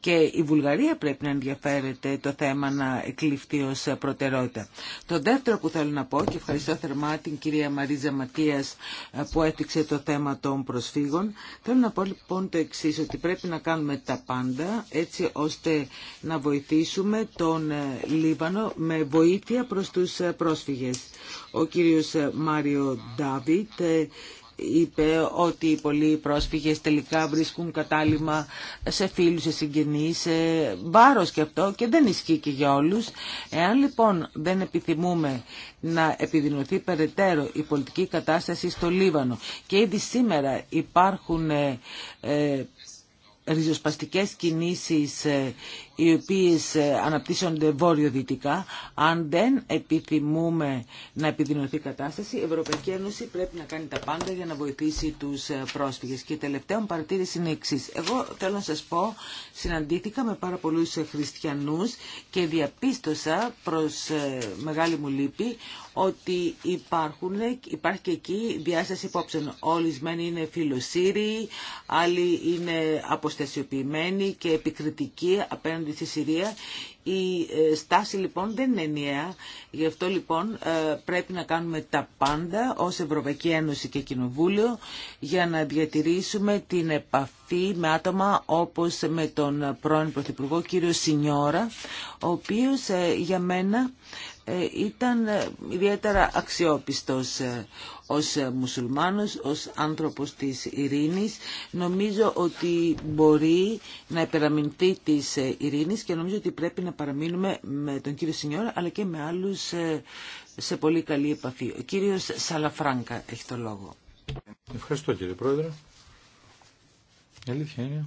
και η Βουλγαρία πρέπει να ενδιαφέρεται το θέμα να εκλειφθεί ως προτεραιότητα. Το δεύτερο που θέλω να πω και ευχαριστώ θερμά την κυρία Μαρίζα Ματίας ε, που έθιξε το θέμα των προσφύγων. Θέλω να πω λοιπόν το εξή ότι πρέπει να κάνουμε τα πάντα έτσι ώστε να βοηθήσουμε τον ε, Λίβανο με βοήθεια προς τους ε, πρόσφυγες. Ο κύριο Μάριο Ντάβιτ είπε ότι οι πολλοί πρόσφυγες τελικά βρίσκουν κατάλημα σε φίλους, σε συγγενείς, σε βάρος και αυτό και δεν ισχύει και για όλους. Εάν λοιπόν δεν επιθυμούμε να επιδεινωθεί περαιτέρω η πολιτική κατάσταση στο Λίβανο και ήδη σήμερα υπάρχουν ε, ε ριζοσπαστικές κινήσεις ε, οι οποίες ε, αναπτύσσονται βόρειο-δυτικά. Αν δεν επιθυμούμε να επιδεινωθεί η κατάσταση, η Ευρωπαϊκή Ένωση πρέπει να κάνει τα πάντα για να βοηθήσει τους ε, πρόσφυγες. Και τελευταία μου παρατήρηση είναι εξή. Εγώ θέλω να σας πω, συναντήθηκα με πάρα πολλούς ε, χριστιανούς και διαπίστωσα προς μεγάλη μου λύπη ότι υπάρχουν, υπάρχει και εκεί διάσταση υπόψεων. Όλοι σμένοι είναι φιλοσύριοι, άλλοι είναι αποστασιοποιημένοι και επικριτικοί απέναντι στη Συρία. Η ε, στάση λοιπόν δεν είναι ενιαία. Γι' αυτό λοιπόν ε, πρέπει να κάνουμε τα πάντα ως Ευρωπαϊκή Ένωση και Κοινοβούλιο για να διατηρήσουμε την επαφή με άτομα όπως με τον πρώην Πρωθυπουργό κύριο Σινιώρα, ο οποίος ε, για μένα ε, ήταν ε, ιδιαίτερα αξιόπιστος ε, ως μουσουλμάνος, ως άνθρωπος της ειρήνης. Νομίζω ότι μπορεί να επεραμεινθεί της ειρήνης και νομίζω ότι πρέπει να παραμείνουμε με τον κύριο Σινιώρα αλλά και με άλλους σε πολύ καλή επαφή. Ο κύριος Σαλαφράγκα έχει το λόγο. Ευχαριστώ κύριε Πρόεδρε. Η αλήθεια είναι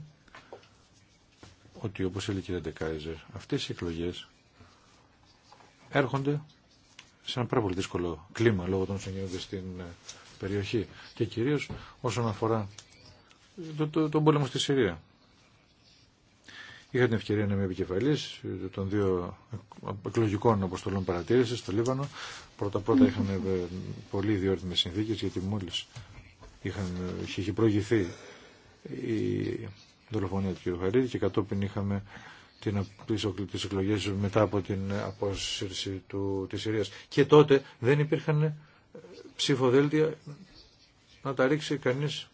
ότι όπως έλεγε η κυρία Ντεκάιζερ, αυτές οι εκλογές έρχονται σε ένα πάρα πολύ δύσκολο κλίμα λόγω των της στην ε, περιοχή και κυρίως όσον αφορά το, το, τον πόλεμο στη Συρία. Είχα την ευκαιρία να είμαι επικεφαλή των δύο εκλογικών αποστολών παρατήρηση στο Λίβανο. Πρώτα-πρώτα είχαμε ε, πολύ διόρθυμε συνθήκε γιατί μόλι ε, είχε προηγηθεί η δολοφονία του κ. Χαρίδη και κατόπιν είχαμε την, τις εκλογές μετά από την απόσυρση του, της Συρίας. Και τότε δεν υπήρχαν ε, ψηφοδέλτια να τα ρίξει κανείς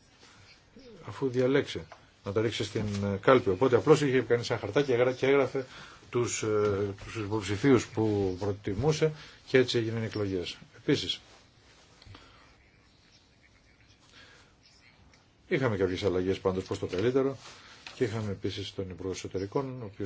αφού διαλέξει, να τα ρίξει στην ε, κάλπη. Οπότε απλώς είχε κάνει ένα χαρτά και έγραφε τους, ε, τους υποψηφίους που προτιμούσε και έτσι έγιναν οι εκλογές. Επίσης, είχαμε κάποιες αλλαγές πάντως προς το καλύτερο και είχαμε επίση τον Υπουργό Εσωτερικών, ο οποίο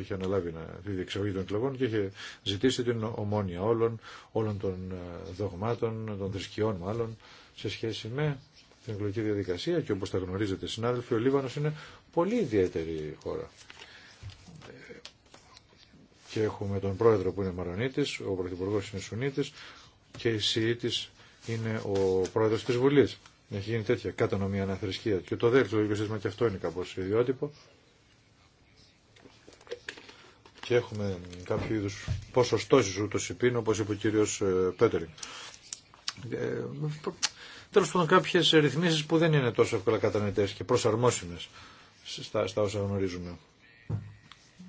είχε αναλάβει να τη διεξαγωγή των εκλογών και είχε ζητήσει την ομόνια όλων, όλων των ε, δογμάτων, των θρησκειών μάλλον, σε σχέση με την εκλογική διαδικασία. Και όπω τα γνωρίζετε, συνάδελφοι, ο Λίβανο είναι πολύ ιδιαίτερη χώρα. Και έχουμε τον πρόεδρο που είναι Μαρονίτη, ο πρωθυπουργό είναι Σουνίτη και η Σιήτη είναι ο πρόεδρο τη Βουλή να γίνει τέτοια κατανομία αναθρησκεία. Και το δεύτερο λογικό και αυτό είναι κάπως ιδιότυπο. Και έχουμε κάποιο είδου ποσοστώσει ούτω υπήν, όπω είπε ο κύριο ε, Πέτερινγκ. Ε, Τέλο πάντων, κάποιε ρυθμίσει που δεν είναι τόσο εύκολα κατανοητέ και προσαρμόσιμε στα, στα όσα γνωρίζουμε.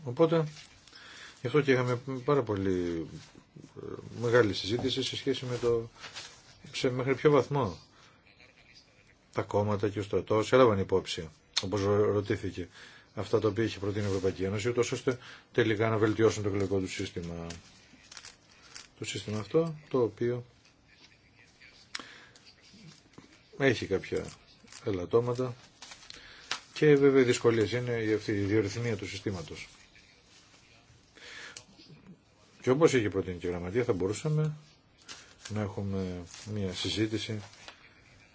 Οπότε, γι' αυτό και είχαμε πάρα πολύ ε, μεγάλη συζήτηση σε σχέση με το σε μέχρι ποιο βαθμό τα κόμματα και ο στρατό έλαβαν υπόψη, όπω ρωτήθηκε, αυτά τα οποία είχε προτείνει η Ευρωπαϊκή Ένωση, ούτω ώστε τελικά να βελτιώσουν το εκλογικό του σύστημα. Το σύστημα αυτό, το οποίο έχει κάποια ελαττώματα και βέβαια οι δυσκολίε είναι η διορυθμία του συστήματο. Και όπω είχε προτείνει και η Γραμματεία, θα μπορούσαμε να έχουμε μια συζήτηση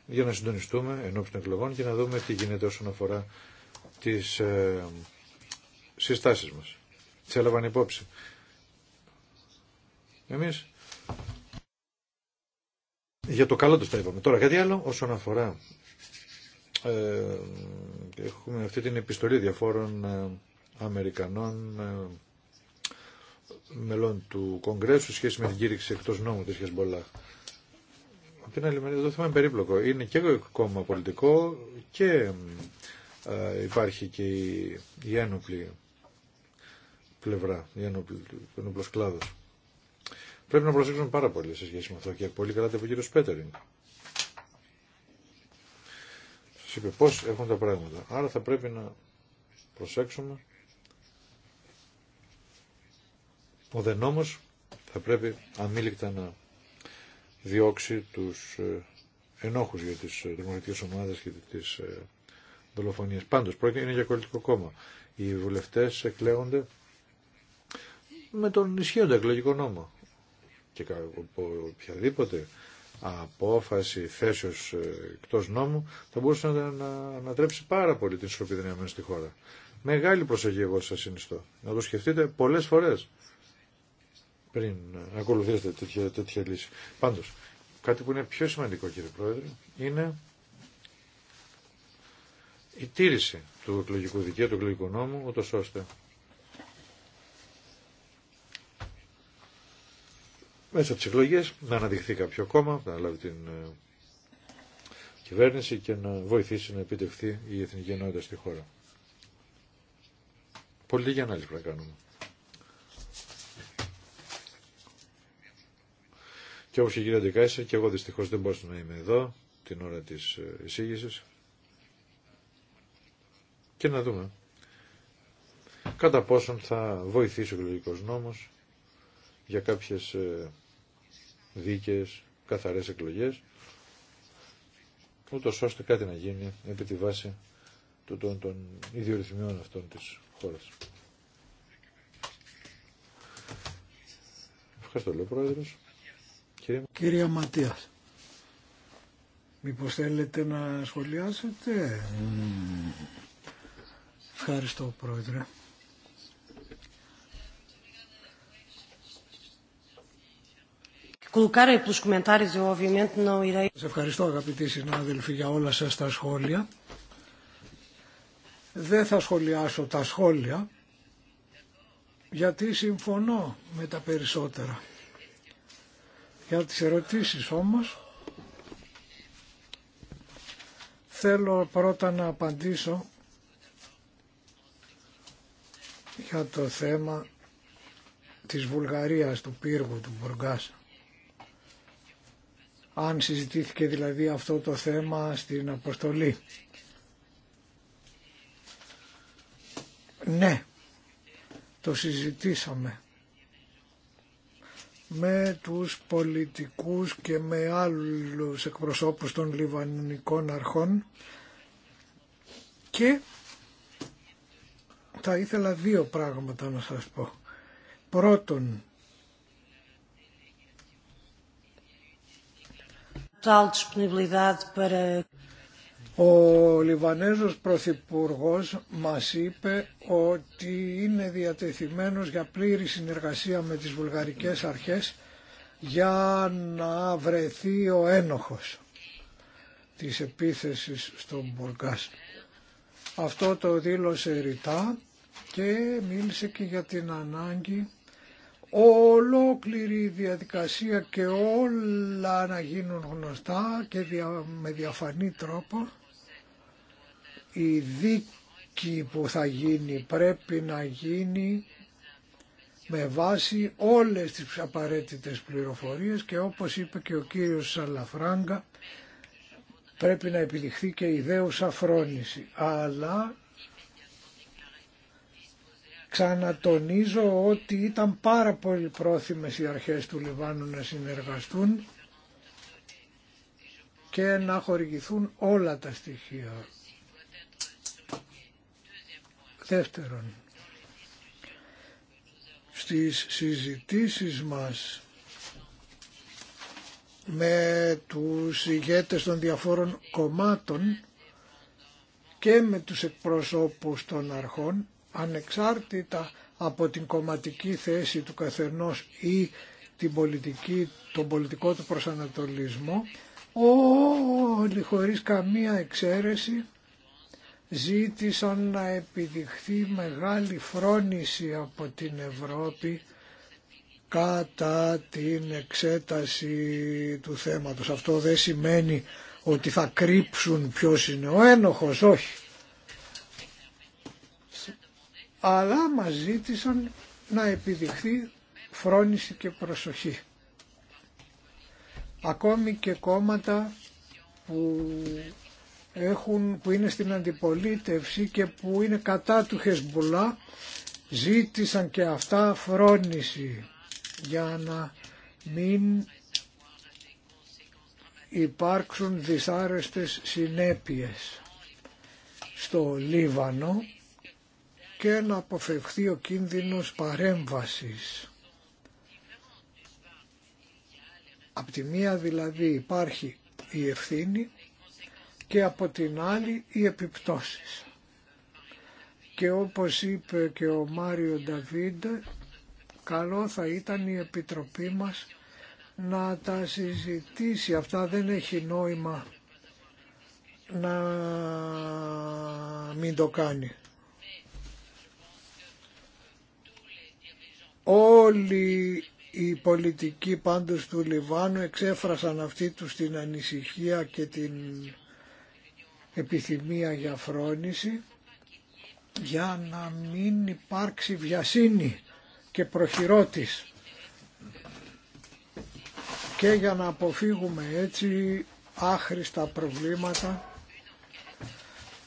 για να συντονιστούμε ενώπιση των εκλογών και να δούμε τι γίνεται όσον αφορά τις ε, συστάσεις μας. Τι έλαβαν υπόψη. Εμείς για το καλό τους τα είπαμε. Τώρα κάτι άλλο όσον αφορά ε, έχουμε αυτή την επιστολή διαφόρων ε, Αμερικανών ε, μελών του Κογκρέσου σχέση με την κήρυξη εκτός νόμου της Χεσμπολάχ το θέμα είναι περίπλοκο. Είναι και κόμμα πολιτικό και ε, υπάρχει και η, η ένοπλη πλευρά, η ένοπλη, ο ένοπλος κλάδος. Πρέπει να προσέξουμε πάρα πολύ σε σχέση με αυτό και πολύ καλά το είπε ο κύριος Σας είπε πώς έχουν τα πράγματα. Άρα θα πρέπει να προσέξουμε. Ο δε θα πρέπει αμήλικτα να διώξει τους ε, ενόχους για τις ε, δημοκρατικές ομάδες και τις ε, δολοφονίες. Πάντως, πρόκειται είναι για κολλητικό κόμμα. Οι βουλευτές εκλέγονται με τον ισχύοντα εκλογικό νόμο. Και οποιαδήποτε απόφαση θέσεως εκτός νόμου θα μπορούσε να, να ανατρέψει πάρα πολύ την ισορροπή στη χώρα. Μεγάλη προσοχή εγώ σας συνιστώ. Να το σκεφτείτε πολλές φορές πριν ακολουθήσετε τέτοια, τέτοια λύση. Πάντως, κάτι που είναι πιο σημαντικό κύριε Πρόεδρε είναι η τήρηση του εκλογικού δικαίου, του εκλογικού νόμου, ούτω ώστε μέσα από τι εκλογέ να αναδειχθεί κάποιο κόμμα, να λάβει την ε, κυβέρνηση και να βοηθήσει να επιτευχθεί η εθνική ενότητα στη χώρα. Πολύ για ανάλυση πρέπει να κάνουμε. Και όπως και η κυρία και εγώ δυστυχώς δεν μπορούσα να είμαι εδώ την ώρα της ε, εισήγησης. Και να δούμε κατά πόσον θα βοηθήσει ο εκλογικός νόμος για κάποιες ε, δίκαιες, καθαρές εκλογές, ούτως ώστε κάτι να γίνει επί τη βάση των, των ιδιορυθμιών αυτών της χώρας. Ευχαριστώ, λέει ο Πρόεδρος. Κυρία Ματίας, μήπως θέλετε να σχολιάσετε. Mm. Ευχαριστώ πρόεδρε. Σας ευχαριστώ αγαπητοί συνάδελφοι για όλα σας τα σχόλια. Δεν θα σχολιάσω τα σχόλια γιατί συμφωνώ με τα περισσότερα. Για τις ερωτήσεις όμως θέλω πρώτα να απαντήσω για το θέμα της Βουλγαρίας, του πύργου, του Μπουργκάς. Αν συζητήθηκε δηλαδή αυτό το θέμα στην αποστολή. Ναι, το συζητήσαμε με τους πολιτικούς και με άλλους εκπροσώπους των Λιβανικών αρχών και θα ήθελα δύο πράγματα να σας πω. Πρώτον, ο Λιβανέζος Πρωθυπουργό μας είπε ότι είναι διατεθειμένος για πλήρη συνεργασία με τις βουλγαρικές αρχές για να βρεθεί ο ένοχος της επίθεσης στον Μπουργκάς. Αυτό το δήλωσε ρητά και μίλησε και για την ανάγκη ολόκληρη διαδικασία και όλα να γίνουν γνωστά και με διαφανή τρόπο η δίκη που θα γίνει πρέπει να γίνει με βάση όλες τις απαραίτητες πληροφορίες και όπως είπε και ο κύριος Σαλαφράγκα πρέπει να επιδειχθεί και ιδέουσα φρόνηση. Αλλά ξανατονίζω ότι ήταν πάρα πολύ πρόθυμες οι αρχές του Λιβάνου να συνεργαστούν και να χορηγηθούν όλα τα στοιχεία. Δεύτερον, στις συζητήσεις μας με τους ηγέτες των διαφόρων κομμάτων και με τους εκπροσώπους των αρχών, ανεξάρτητα από την κομματική θέση του καθενός ή την πολιτική, τον πολιτικό του προσανατολισμό, όλοι χωρίς καμία εξαίρεση ζήτησαν να επιδειχθεί μεγάλη φρόνηση από την Ευρώπη κατά την εξέταση του θέματος. Αυτό δεν σημαίνει ότι θα κρύψουν ποιος είναι ο ένοχος, όχι. Αλλά μας ζήτησαν να επιδειχθεί φρόνηση και προσοχή. Ακόμη και κόμματα που έχουν, που είναι στην αντιπολίτευση και που είναι κατά του Χεσμπουλά ζήτησαν και αυτά φρόνηση για να μην υπάρξουν δυσάρεστες συνέπειες στο Λίβανο και να αποφευχθεί ο κίνδυνος παρέμβασης. Απ' τη μία δηλαδή υπάρχει η ευθύνη και από την άλλη οι επιπτώσεις. Και όπως είπε και ο Μάριο Νταβίντ, καλό θα ήταν η Επιτροπή μας να τα συζητήσει. Αυτά δεν έχει νόημα να μην το κάνει. Όλοι οι πολιτικοί πάντως του Λιβάνου εξέφρασαν αυτή τους την ανησυχία και την επιθυμία για φρόνηση για να μην υπάρξει βιασύνη και προχειρότης και για να αποφύγουμε έτσι άχρηστα προβλήματα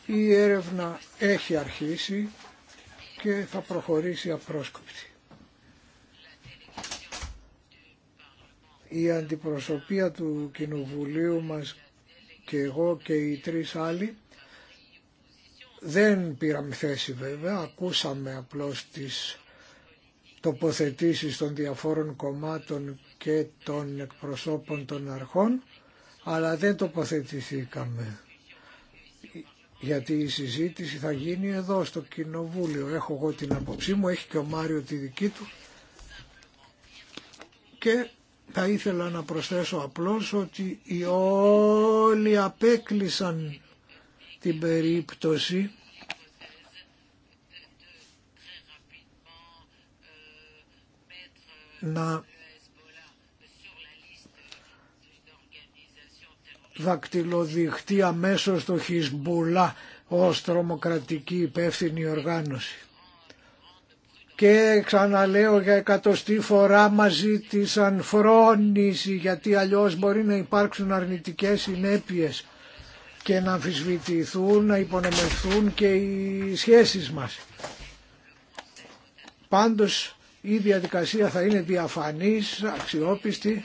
η έρευνα έχει αρχίσει και θα προχωρήσει απρόσκοπτη. Η αντιπροσωπεία του Κοινοβουλίου μας και εγώ και οι τρεις άλλοι. Δεν πήραμε θέση βέβαια, ακούσαμε απλώς τις τοποθετήσεις των διαφόρων κομμάτων και των εκπροσώπων των αρχών, αλλά δεν τοποθετηθήκαμε. Γιατί η συζήτηση θα γίνει εδώ στο Κοινοβούλιο. Έχω εγώ την απόψή μου, έχει και ο Μάριο τη δική του. Και θα ήθελα να προσθέσω απλώς ότι οι όλοι απέκλεισαν την περίπτωση να δακτυλοδειχτεί αμέσως το Χισμπουλά ως τρομοκρατική υπεύθυνη οργάνωση και ξαναλέω για εκατοστή φορά μαζί της ανφρόνηση γιατί αλλιώς μπορεί να υπάρξουν αρνητικές συνέπειες και να αμφισβητηθούν, να υπονομευθούν και οι σχέσεις μας. Πάντως η διαδικασία θα είναι διαφανής, αξιόπιστη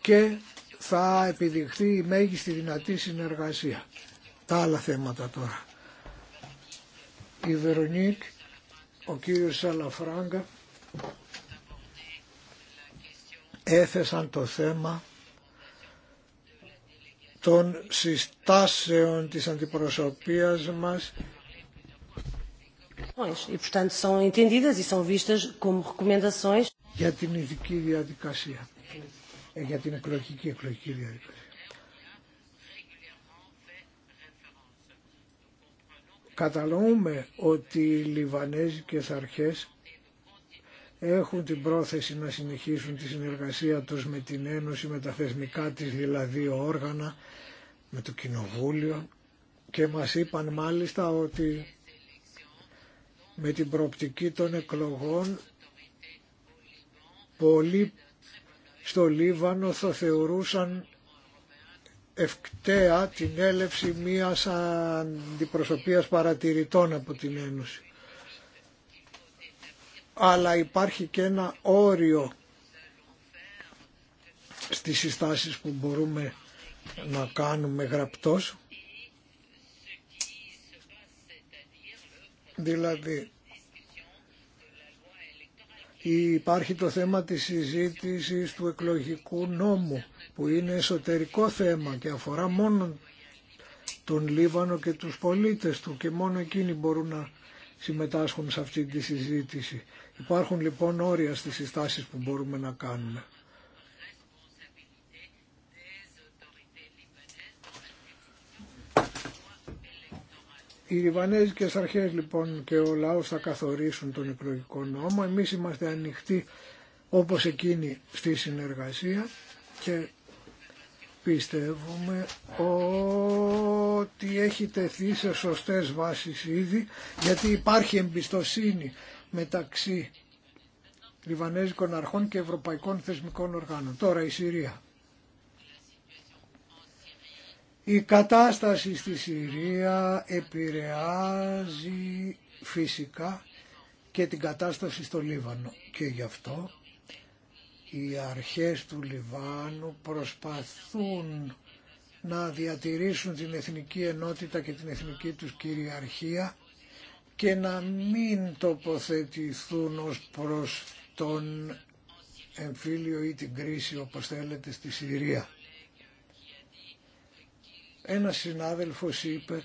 και θα επιδειχθεί η μέγιστη δυνατή συνεργασία. Τα άλλα θέματα τώρα. Η Βερονίκ ο κύριος Σαλαφράγκα έθεσαν το θέμα των συστάσεων της αντιπροσωπείας μας για την ειδική διαδικασία, ε, για την εκλογική εκλογική διαδικασία. Κατανοούμε ότι οι Λιβανέζικες αρχές έχουν την πρόθεση να συνεχίσουν τη συνεργασία τους με την Ένωση, με τα θεσμικά της δηλαδή όργανα, με το Κοινοβούλιο και μας είπαν μάλιστα ότι με την προοπτική των εκλογών πολλοί στο Λίβανο θα θεωρούσαν ευκταία την έλευση μίας αντιπροσωπείας παρατηρητών από την Ένωση. Αλλά υπάρχει και ένα όριο στις συστάσεις που μπορούμε να κάνουμε γραπτός. Δηλαδή, υπάρχει το θέμα της συζήτησης του εκλογικού νόμου που είναι εσωτερικό θέμα και αφορά μόνο τον Λίβανο και τους πολίτες του και μόνο εκείνοι μπορούν να συμμετάσχουν σε αυτή τη συζήτηση. Υπάρχουν λοιπόν όρια στις συστάσεις που μπορούμε να κάνουμε. Οι Λιβανέζικες αρχές λοιπόν και ο λαός θα καθορίσουν τον εκλογικό νόμο. Εμείς είμαστε ανοιχτοί όπως εκείνοι στη συνεργασία και Πιστεύουμε ότι έχει τεθεί σε σωστές βάσεις ήδη γιατί υπάρχει εμπιστοσύνη μεταξύ Λιβανέζικων αρχών και ευρωπαϊκών θεσμικών οργάνων. Τώρα η Συρία. Η κατάσταση στη Συρία επηρεάζει φυσικά και την κατάσταση στο Λίβανο και γι' αυτό οι αρχές του Λιβάνου προσπαθούν να διατηρήσουν την εθνική ενότητα και την εθνική τους κυριαρχία και να μην τοποθετηθούν ως προς τον εμφύλιο ή την κρίση όπως θέλετε στη Συρία. Ένας συνάδελφος είπε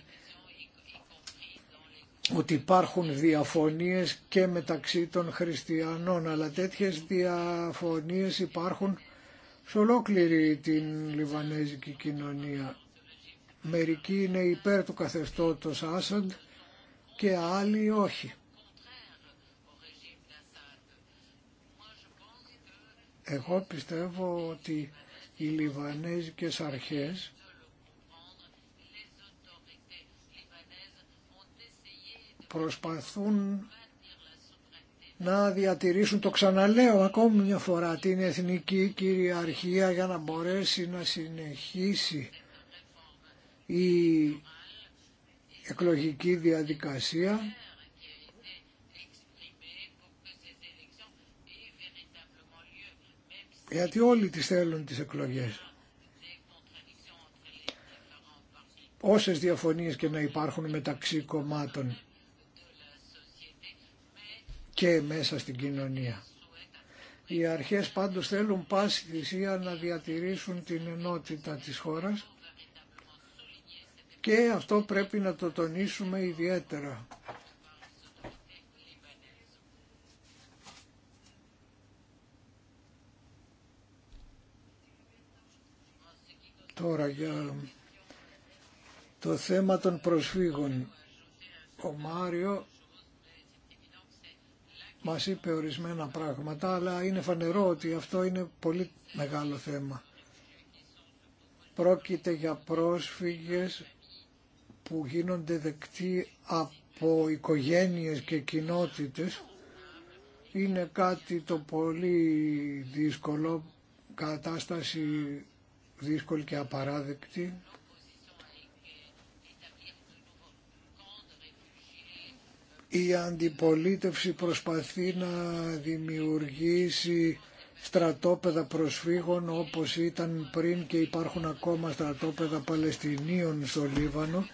ότι υπάρχουν διαφωνίες και μεταξύ των χριστιανών, αλλά τέτοιες διαφωνίες υπάρχουν σε ολόκληρη την Λιβανέζικη κοινωνία. Μερικοί είναι υπέρ του καθεστώτος Άσαντ και άλλοι όχι. Εγώ πιστεύω ότι οι Λιβανέζικες αρχές προσπαθούν να διατηρήσουν, το ξαναλέω ακόμη μια φορά, την εθνική κυριαρχία για να μπορέσει να συνεχίσει η εκλογική διαδικασία γιατί όλοι τις θέλουν τις εκλογές. Όσες διαφωνίες και να υπάρχουν μεταξύ κομμάτων και μέσα στην κοινωνία. Οι αρχές πάντως θέλουν πάση θυσία να διατηρήσουν την ενότητα της χώρας και αυτό πρέπει να το τονίσουμε ιδιαίτερα. Τώρα για το θέμα των προσφύγων. Ο Μάριο μας είπε ορισμένα πράγματα, αλλά είναι φανερό ότι αυτό είναι πολύ μεγάλο θέμα. Πρόκειται για πρόσφυγες που γίνονται δεκτοί από οικογένειες και κοινότητες. Είναι κάτι το πολύ δύσκολο, κατάσταση δύσκολη και απαράδεκτη η αντιπολίτευση προσπαθεί να δημιουργήσει στρατόπεδα προσφύγων όπως ήταν πριν και υπάρχουν ακόμα στρατόπεδα Παλαιστινίων στο Λίβανο.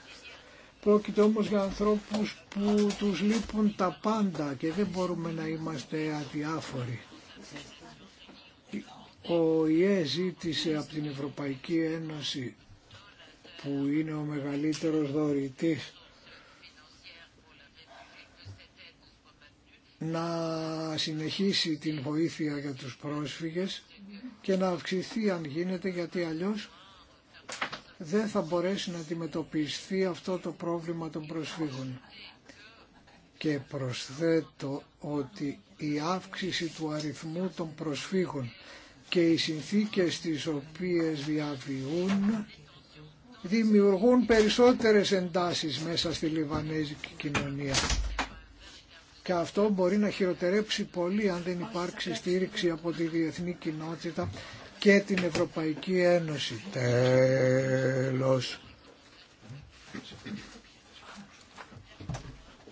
Πρόκειται όμως για ανθρώπους που τους λείπουν τα πάντα και δεν μπορούμε να είμαστε αδιάφοροι. Ο ΙΕ ζήτησε από την Ευρωπαϊκή Ένωση που είναι ο μεγαλύτερος δωρητής να συνεχίσει την βοήθεια για τους πρόσφυγες και να αυξηθεί αν γίνεται γιατί αλλιώς δεν θα μπορέσει να αντιμετωπιστεί αυτό το πρόβλημα των προσφύγων. Και προσθέτω ότι η αύξηση του αριθμού των προσφύγων και οι συνθήκες τις οποίες διαβιούν δημιουργούν περισσότερες εντάσεις μέσα στη Λιβανέζικη κοινωνία και αυτό μπορεί να χειροτερέψει πολύ αν δεν υπάρξει στήριξη από τη διεθνή κοινότητα και την Ευρωπαϊκή Ένωση. Τέλος.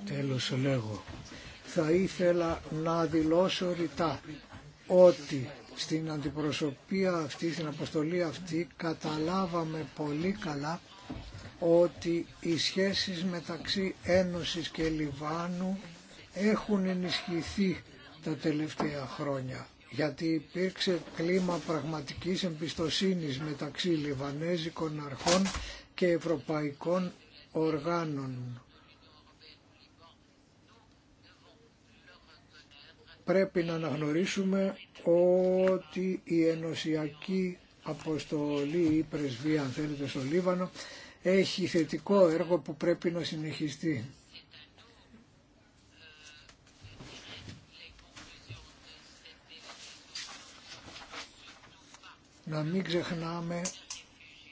Τέλος λέγω. Θα ήθελα να δηλώσω ρητά ότι στην αντιπροσωπεία αυτή, στην αποστολή αυτή καταλάβαμε πολύ καλά ότι οι σχέσεις μεταξύ Ένωσης και Λιβάνου έχουν ενισχυθεί τα τελευταία χρόνια γιατί υπήρξε κλίμα πραγματικής εμπιστοσύνης μεταξύ Λιβανέζικων αρχών και ευρωπαϊκών οργάνων. Πρέπει να αναγνωρίσουμε ότι η ενωσιακή αποστολή ή πρεσβεία, αν θέλετε, στο Λίβανο έχει θετικό έργο που πρέπει να συνεχιστεί. Να μην ξεχνάμε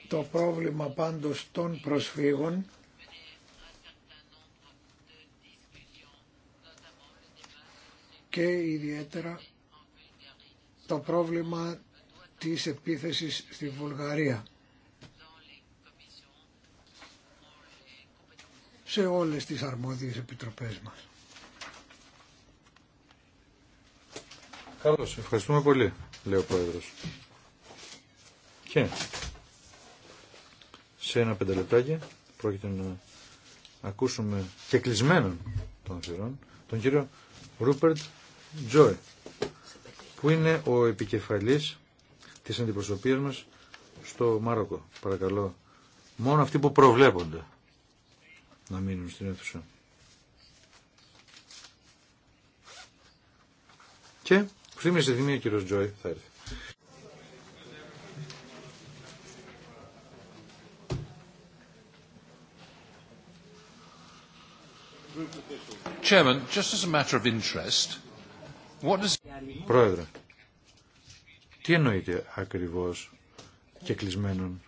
το πρόβλημα πάντως των προσφύγων και ιδιαίτερα το πρόβλημα της επίθεσης στη Βουλγαρία. σε όλες τις αρμόδιες επιτροπές μας. Καλώς, ευχαριστούμε πολύ, λέει ο Πρόεδρος. Και σε ένα πενταλεπτάκι πρόκειται να ακούσουμε και κλεισμένον των θυρών τον κύριο Ρούπερτ Τζοϊ που είναι ο επικεφαλής της αντιπροσωπείας μας στο Μάροκο. Παρακαλώ, μόνο αυτοί που προβλέπονται να μείνουν στην αίθουσα. Και, που σήμερα σε ο κύριος Τζόι θα έρθει. Chairman, just as a matter of interest, what does... Πρόεδρε, τι εννοείται ακριβώς και κλεισμένων.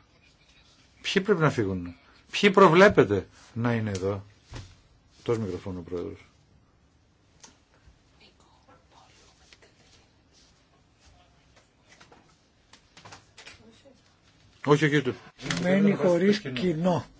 Ποιοι πρέπει να φύγουν. Ποιοι προβλέπετε να είναι εδώ. Τόσο μικροφόνο ο Πρόεδρος. Όχι, όχι. μένει χωρίς κοινό.